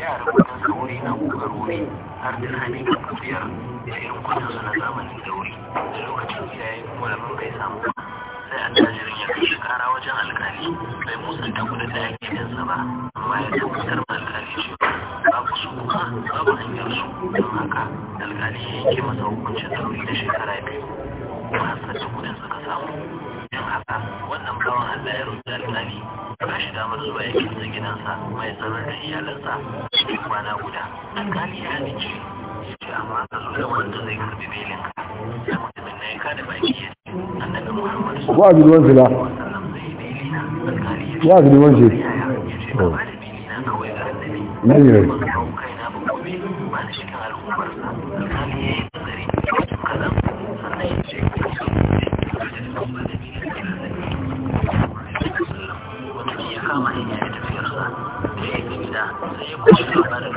yaran kudin sauri na kokar wuri har da hannun da tafiyar da irin kudin su na zamanin dauri da lokacin da malamin bai samu ba sai attajirin ya kai kara wajen alkali bai musanta kudin da ake ba amma ya tabbatar ma alkali cewa babu su kuma babu hanyar su don haka alkali ya yanke masa hukuncin dauri da shekara biyu kuma hasar da kudin suka samu jin haka wannan kawon Allah ya rubuta alƙali ba shi damar zuwa ya kinsa gidansa mai tsarar da iyalansa cikin kwana guda alƙali ya amince ce amma ka zo da wanda zai karbi belin ka da mutumin na ya kada baki ya ce annabi Muhammad ko a gidan a ya gidan zila ya ce ba da annabi ba shi da ya faru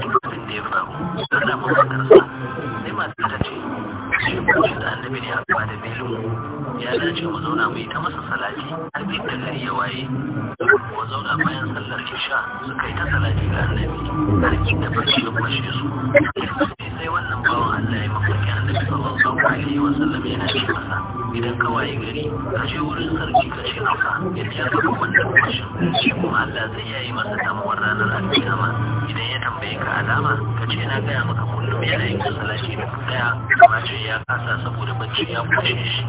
don na mamakarsa sai masu ta ne belin ya mu zauna mai ta masa salati har da gari ya waye mu bayan sallar isha suka ta salati ga annabi sarki da barci ya su sai Allah ya wa idan ka waye gari ka je wurin sarki ka ce ya ka wannan kwashin shi kuma Allah zai yayi masa damuwar ranar alkiyama dama ka ce na gaya maka kullum yana yin masallaci da gaya kuma ce ya kasa saboda bacci ya kushe shi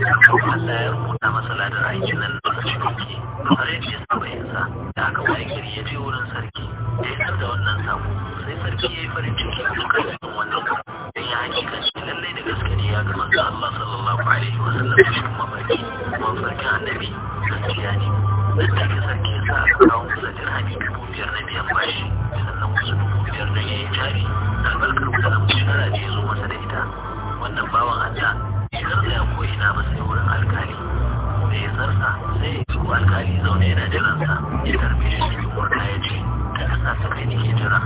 Allah ya rubuta masa ladar aikin nan lokacin yake kamar yadda ya saba yin sa da aka wani gari ya je wurin sarki da ya da wannan sabo, sai sarki ya yi farin ciki a cikin wannan dan ya hakika shi lallai da gaske ne ya ga Allah sallallahu alaihi wasallam da cikin mafarki kuma farkin annabi gaskiya ne da take sarki ya sa aka kawo masa dirhami dubu biyar na biyan bashi jari albarkar ku samu shekara ce zo masa da ita wannan bawan Allah ya zarta ko ina ba sai wurin alkali da ya sarsa sai ya alkali zaune yana jiransa ya karbe shi cikin murna ya ce ta kasa ta kai nake jira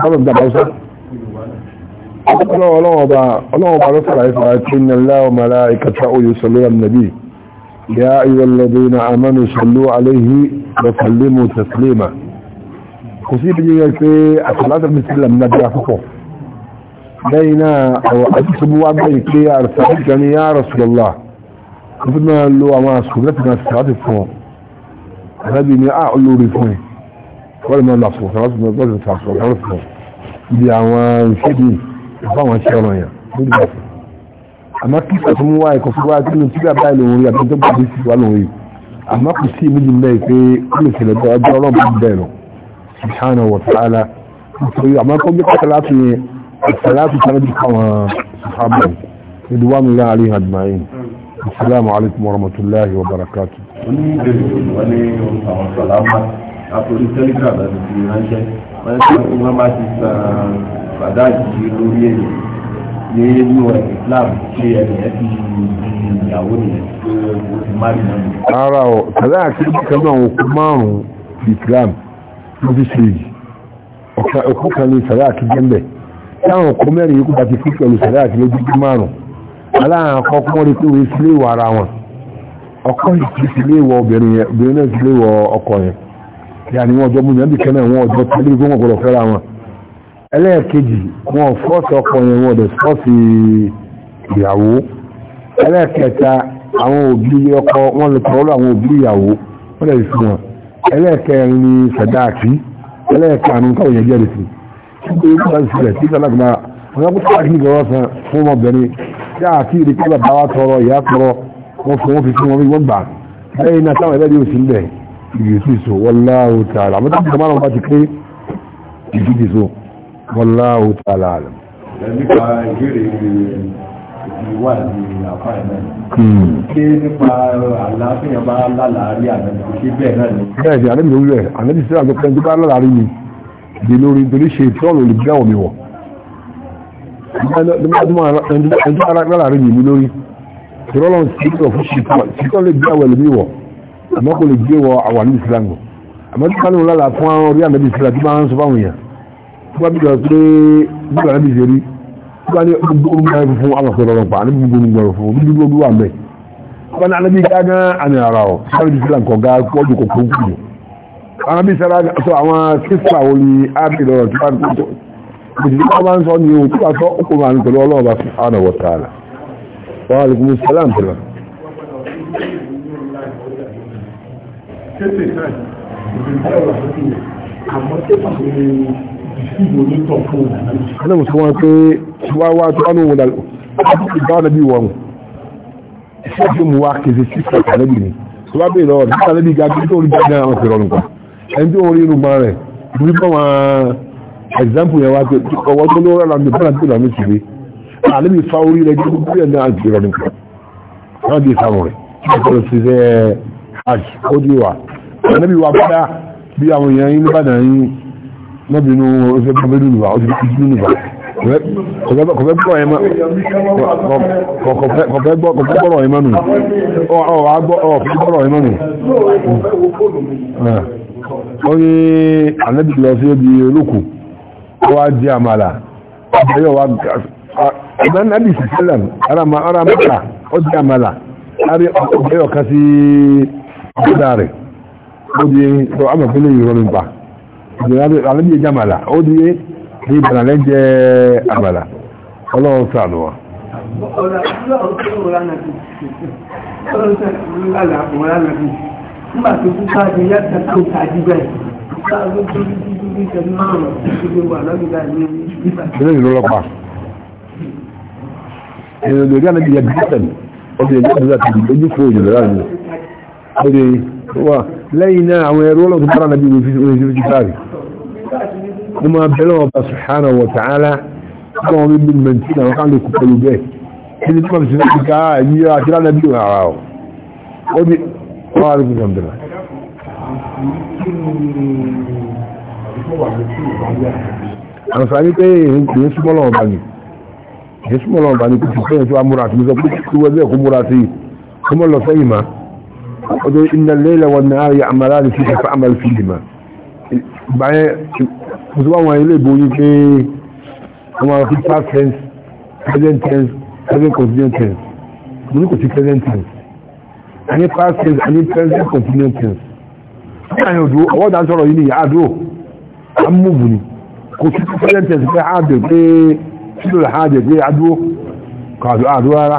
محمد بن عوسى الله أعرف فإن الله وملائكته يصلون النبي يا أيها الذين آمنوا صلوا عليه وسلموا تسليما خصيب جيك في الصلاة المسلم نبي أفقه بين أو أتسبوا عبدك يا رسول يا رسول الله كفنا اللو أما سكولتنا الصلاة الفهم هذه نعاء اللو رفوه wọ́n mọ̀ lọ́fọ̀ wọ́n mọ̀ gbọ́dọ̀ tàfọ̀ wọ́n fọ̀ ibi àwọn ìṣèdí ìfọ̀wọ́n ṣe ọ̀rọ̀ yẹn lórí lọ́fọ̀ àmọ́ kí sọ̀tún mú wá ẹ̀kọ́ fún wa kí ló ti gbà báyìí lòun rí àbí tó gbàgbé sí wa lòun rí àmọ́ kò sí ìmúdi mẹ́ pé ó lè ṣẹlẹ̀ ọjọ́ ọlọ́run bẹ́ẹ̀ lọ subhanahu wa nítorí àmọ́ kó gbé pàtàkì láti yẹn الصلاة ترد كما صحابه رضوان الله عليهم اجمعين السلام عليكم ورحمة الله وبركاته àforí telegram àti ti ránṣẹ́ wọ́n ti sọ wọ́n máa ti san fàdáàjì lórí èyí ní inú Islam ṣe ẹ̀yẹ ti ìyàwó nìyẹn tó o ti má rí náà. ara ọ̀ tẹ̀lé àkíyèsí kan náà òkú márùn-ún Islam ló fi ṣe yìí òkú kan ní sàrá àkíjẹ́ mbẹ̀ táwọn òkú mẹ́rin yìí kú bá ti fi pẹ̀lú sàrá àkíjẹ́ márùn-ún aláàrùn akọ́kọ́ wọ́n rí pé wọ́n ti lé ìwà ara wọn ọkọ yìí ti lé ìwọ obìnrin náà ti lé ìwọ ọkọ yẹn yàní wọn ọjọ́ múyàn nìkan náà wọn ọjọ́ tẹ́lẹ̀ gbọ́n ọ̀pọ̀lọ̀ fẹ́ra wọn ẹlẹ́ẹ̀kejì wọn fọ́ọ̀sì ọkọ yẹn wọn ọ̀dẹ̀ fọ́ọ̀sì ìyàwó ẹlẹ́ẹ̀kẹta àwọn òbí ọkọ wọn lè tọrọ lọ àwọn òbí ìyàwó wọn lè fi wọn ẹlẹ́ẹ̀kẹrin ni sàdáàkì ẹlẹ́ẹ̀karùn-ún káwọn yẹn jẹ́rìí sí ṣùgbọ́n ìgbà ìṣẹ̀lẹ̀ tí ìgbàlá gbà wọn yàgò tó àkíní gbọ́dọ̀ san fún ọmọbìnrin tí àti ìrìkí bàbá wa tọrọ ìyá tọrọ wọn fún wọn fi fún wọn bí wọn gbà ìgbésí so wallahu ta'ala àmọ́ tó máa ń bá ti pé ìgbésí so wallahu ta'ala àlọ́. nípa ìbéèrè ìwà ní àpá ẹ̀ náà hmm. ṣé nípa àlàáfíà bá lálàárí àná ṣé bẹ́ẹ̀ náà ni. bẹ́ẹ̀ ni àlẹ́ mi ló rẹ̀ àlẹ́ mi sílẹ̀ àgbẹ̀pẹ́ tó bá lálàárí mi di lórí nítorí ṣe ìtọ́ọ̀lù olùgbé àwọn mi wọ̀ ẹni tó ara lálàárí mi lórí ìrọ́lọ́run sí ìtọ́ fún ṣe ìtọ́ lè gbé àwọn ẹlòmíì wọ̀ àmọ́ kò lè gbé wọ àwọn ní islam o àmọ́ tí kánú lọ́la fún àwọn orí àmì islam tí máa ń sọ fáwọn èèyàn tí wọ́n bí jọ pé bí wọ́n bí ṣe rí tí wọ́n ní gbogbo náà fún àwọn ọ̀sẹ̀ lọ́rọ̀ pa àní gbogbo gbogbo fún bí gbogbo wà mẹ́ wọ́n ní anábí gángan àmì ara ọ̀ sọ́rọ̀ islam kọ̀ ga pọ́jù kò kó kù àwọn bí sara sọ àwọn sísà wo ni a bí lọ́rọ̀ tí wọ́n tó kùsùn tó bá ń sọ ní o tí wọ́n sọ ó kò máa ń pẹ̀lú ọlọ́ọ̀bá subhanahu wa tẹ́tẹ̀ náà ìgbésẹ̀ àti àmọ́ tẹ́tẹ̀ ní ìṣìwò ní tọ̀fún. Ẹlẹ́ mú sí wọn pé wá wá tó wá lóhun lálẹ́ ìbánabí wọn. Iṣẹ́ tí mo wá kèsì sí ìsàlẹ́bì ni. Tó bá bèèrè ọ̀rọ̀ sí ìsàlẹ́bì ga kí tó rí gbàgbé àwọn ti rọrùn kan. Ẹni tí ó rí inú gbọ́n rẹ̀, ìbúrí bọ́ wọn example yẹn wá pé ọwọ́ tó lówó rà ní bọ́nà tó lànà ìṣèlú. Àlẹ́ mi fa orí rẹ̀ gbogbo ẹ̀ náà ti rọrùn kan. Wọ́n di ìfàmù rẹ̀. Wọ́n ti sẹ́ hajj ó di wà ànábì wa bá bí àwọn èèyàn yín nìbàdàn yín lọ́bìnú ọ̀sẹ̀ kọfẹ́ lùlùwà o ti fi kìí lùlùwà kọfẹ́ gbọ́ ẹ̀ máa kọfẹ́ gbọ́rọ̀ ẹ̀ máa nù o gbọ́rọ̀ ẹ̀ máa o ó ní ànábì lọ sí ibi olókù ó wá jẹ àmàlà o wa ìgbà nàbì sísẹ́lẹ̀m ara mẹ́ta ó jẹ àmàlà ari ọ̀gbẹ́yọ̀ kan sí ọ̀gbẹ́dà rẹ̀ ó di sọ amọ̀fẹ́lẹ̀ yìí rọrùn pa alẹ́bí ẹjá màlà ó di ní ìbànà lẹ́jẹ́ àmàlà ọlọ́run sàánù wa Ilé ìlú ọlọ́pàá. Ìrìn òjò rí ànábìyà bí sẹ́ni, ọdún ìjọba ti ojú fún òjò lọ́rọ̀ àjò. Ó di wà lẹ́yìn náà àwọn ẹ̀rọ ọlọ́run tó bára nàbí ìwé fi sáré mo máa bẹ̀rẹ̀ ọba subhanahu wa ta'ala àwọn ọmọ ibi mẹ́ntì náà ká lè kú pẹ̀lú bẹ́ẹ̀ kí ni tí wọ́n fi sáré ká ẹ̀yí àti lánàbí ìwé ara ọ̀ ó ní wọ́n á rí kú sàmdìlà. àǹfààní pé èyí súnmọ́ lọ́wọ́ bá ní èyí súnmọ́ lọ́wọ́ bá ní kó ti fẹ́yìn tó wá múra àti mo sọ pé kí wọ́n bẹ́ẹ̀ kó múra sí i kó mọ́ lọ sẹ́yìn máa ọdọ́ iná lẹ́lẹ̀ wọn náà yà àmàrà lè fi ṣẹfà àmàrà fi lè máa báyẹ̀ mùsùlùmí àwọn ilé ìbò yìí pé ọmọ fi past tense present tense present continuous tense mo ní kò sí present tense a ní past tense a ní present continuous tense ní àyàn òdúró ọwọ́ dá sọ̀rọ̀ yìí ni yà á à ń múùbù ni kò sí present tense pé á pé sílò là pé á kò àdúrà rárá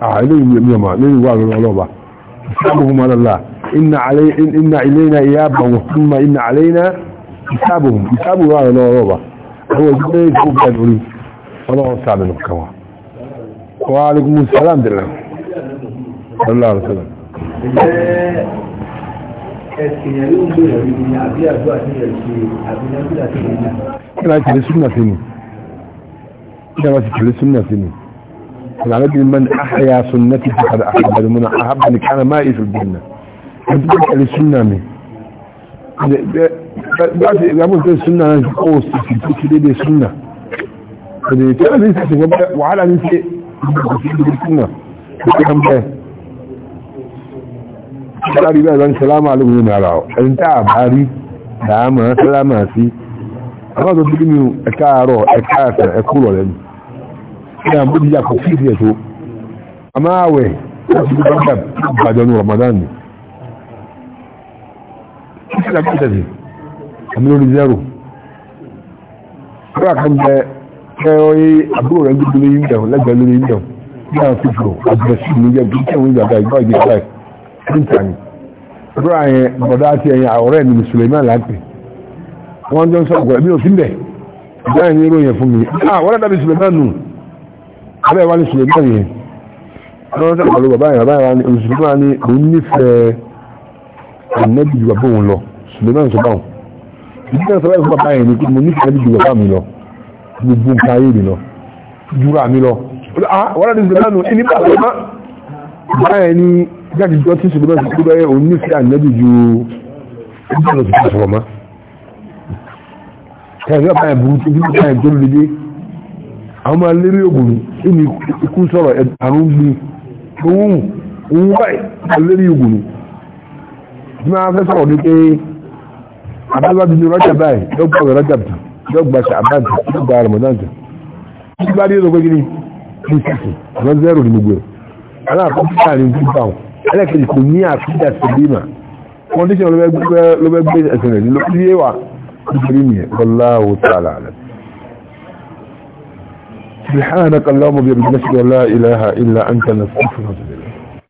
àìlè ìmìyàn ma lẹ́yìn wà lọ́rọ̀ ọlọ́ba ìsáàbùhùn mọ́lọ́lá iná ilẹ́nà ìyábà wọ́n fún ma iná alẹ́nà ìsáàbùhùn ìsáàbùhùn wà lọ́rọ̀ ọlọ́ba àwọn ìgbẹ́ ìgbẹ́ ìgbẹ́ ọlọ́run sàbẹ̀nù kama wa alaikumus salam dìlá sallallahu alaihi wasallam kí ni a ti lè súnmọ̀ sí ni العلم من أحيا سنتي فقد أحب من أحب أن كان مائي في الجنة أنتبك للسنة من بعد يقول في السنة أنا قوس في الفكرة دي سنة كان ننسى وعلى ننسى في السنة كم ده قال بقى السلام عليكم يا مراو انت عباري دعم سلام عليكم أخذ تقول لي أكارو أكاسر أكولو لأنه ina bó díjà kò fífi ẹ̀ a máa wẹ̀ láti bí bọ́gbà ìbàdàn ní Ramadan ni kí sí àgbà tẹ̀sí àmì lórí zero kọ́ra kan bẹ kẹ́ ọ yé àbúrò rẹ̀ gbogbo lórí ìjẹun lẹ́gbẹ̀ẹ́ lórí ìjẹun bí àwọn fífò àgbẹ̀sí ní jẹ́ gbogbo ìjẹun ìjàgbá ìgbà ìgbà ìgbà ìgbà yẹn bọ̀dá àti ẹ̀yìn àwọ̀rẹ́ ni mùsùlùmí àlàáfíà wọ́n jọ ń sọ̀rọ̀ ẹ̀mí òfin bẹ̀ ìgbà yẹn ní ìròyìn fún mi ah wọ́n dàbí abẹ́ wa ní suleman yẹn wọ́n sọ pàlọ́ bàbá yẹn bàbá yẹn wa ní olùsùlùmọ́ ní òun nífẹ̀ẹ́ ànábì ju bàbá òun lọ suleman sọ báwọn ìdí náà sọ báyìí fún bàbá yẹn ni mo nífẹ̀ẹ́ ànábì ju bàbá mi lọ gbogbo nǹkan ayé mi lọ jura mi lọ ah, wọ́n rẹ̀ ní suleman nù ẹni bàbá yẹn bàbá yẹn ní jáde jọ tí suleman sọ pé bẹ́ẹ̀ òun nífẹ̀ẹ́ ànábì ju ẹni bàbá yẹn burú tó bí bàbá yẹn tó lè dé àwọn máa lérí ògùn ní ikú sọ̀rọ̀ àrùn gbin ohun ohun báyìí máa lérí ògùn ní tí máa fẹ́ sọ̀rọ̀ ní pé àbájáde ní rọ́jà báyìí lọ́gbà rọ́jà bì lọ́gbà ṣàbájì lọ́gbà ramadanjì tí bá rí èdè pé gíní ní sísì àwọn zẹ́rù ní gbogbo aláàkọ́kọ́ láàrin tí bá wọn ẹlẹ́kẹ̀ẹ́ kò ní àfíjà sẹ́bíìmà kọ́ndíṣàn lọ́gbẹ́gbẹ́ ẹ̀sẹ̀ rẹ̀ lọ́gbẹ́ wa nítorí nìyẹn wallahu ta'ala alam سبحانك اللهم وبحمدك لا إله إلا أنت نستغفرك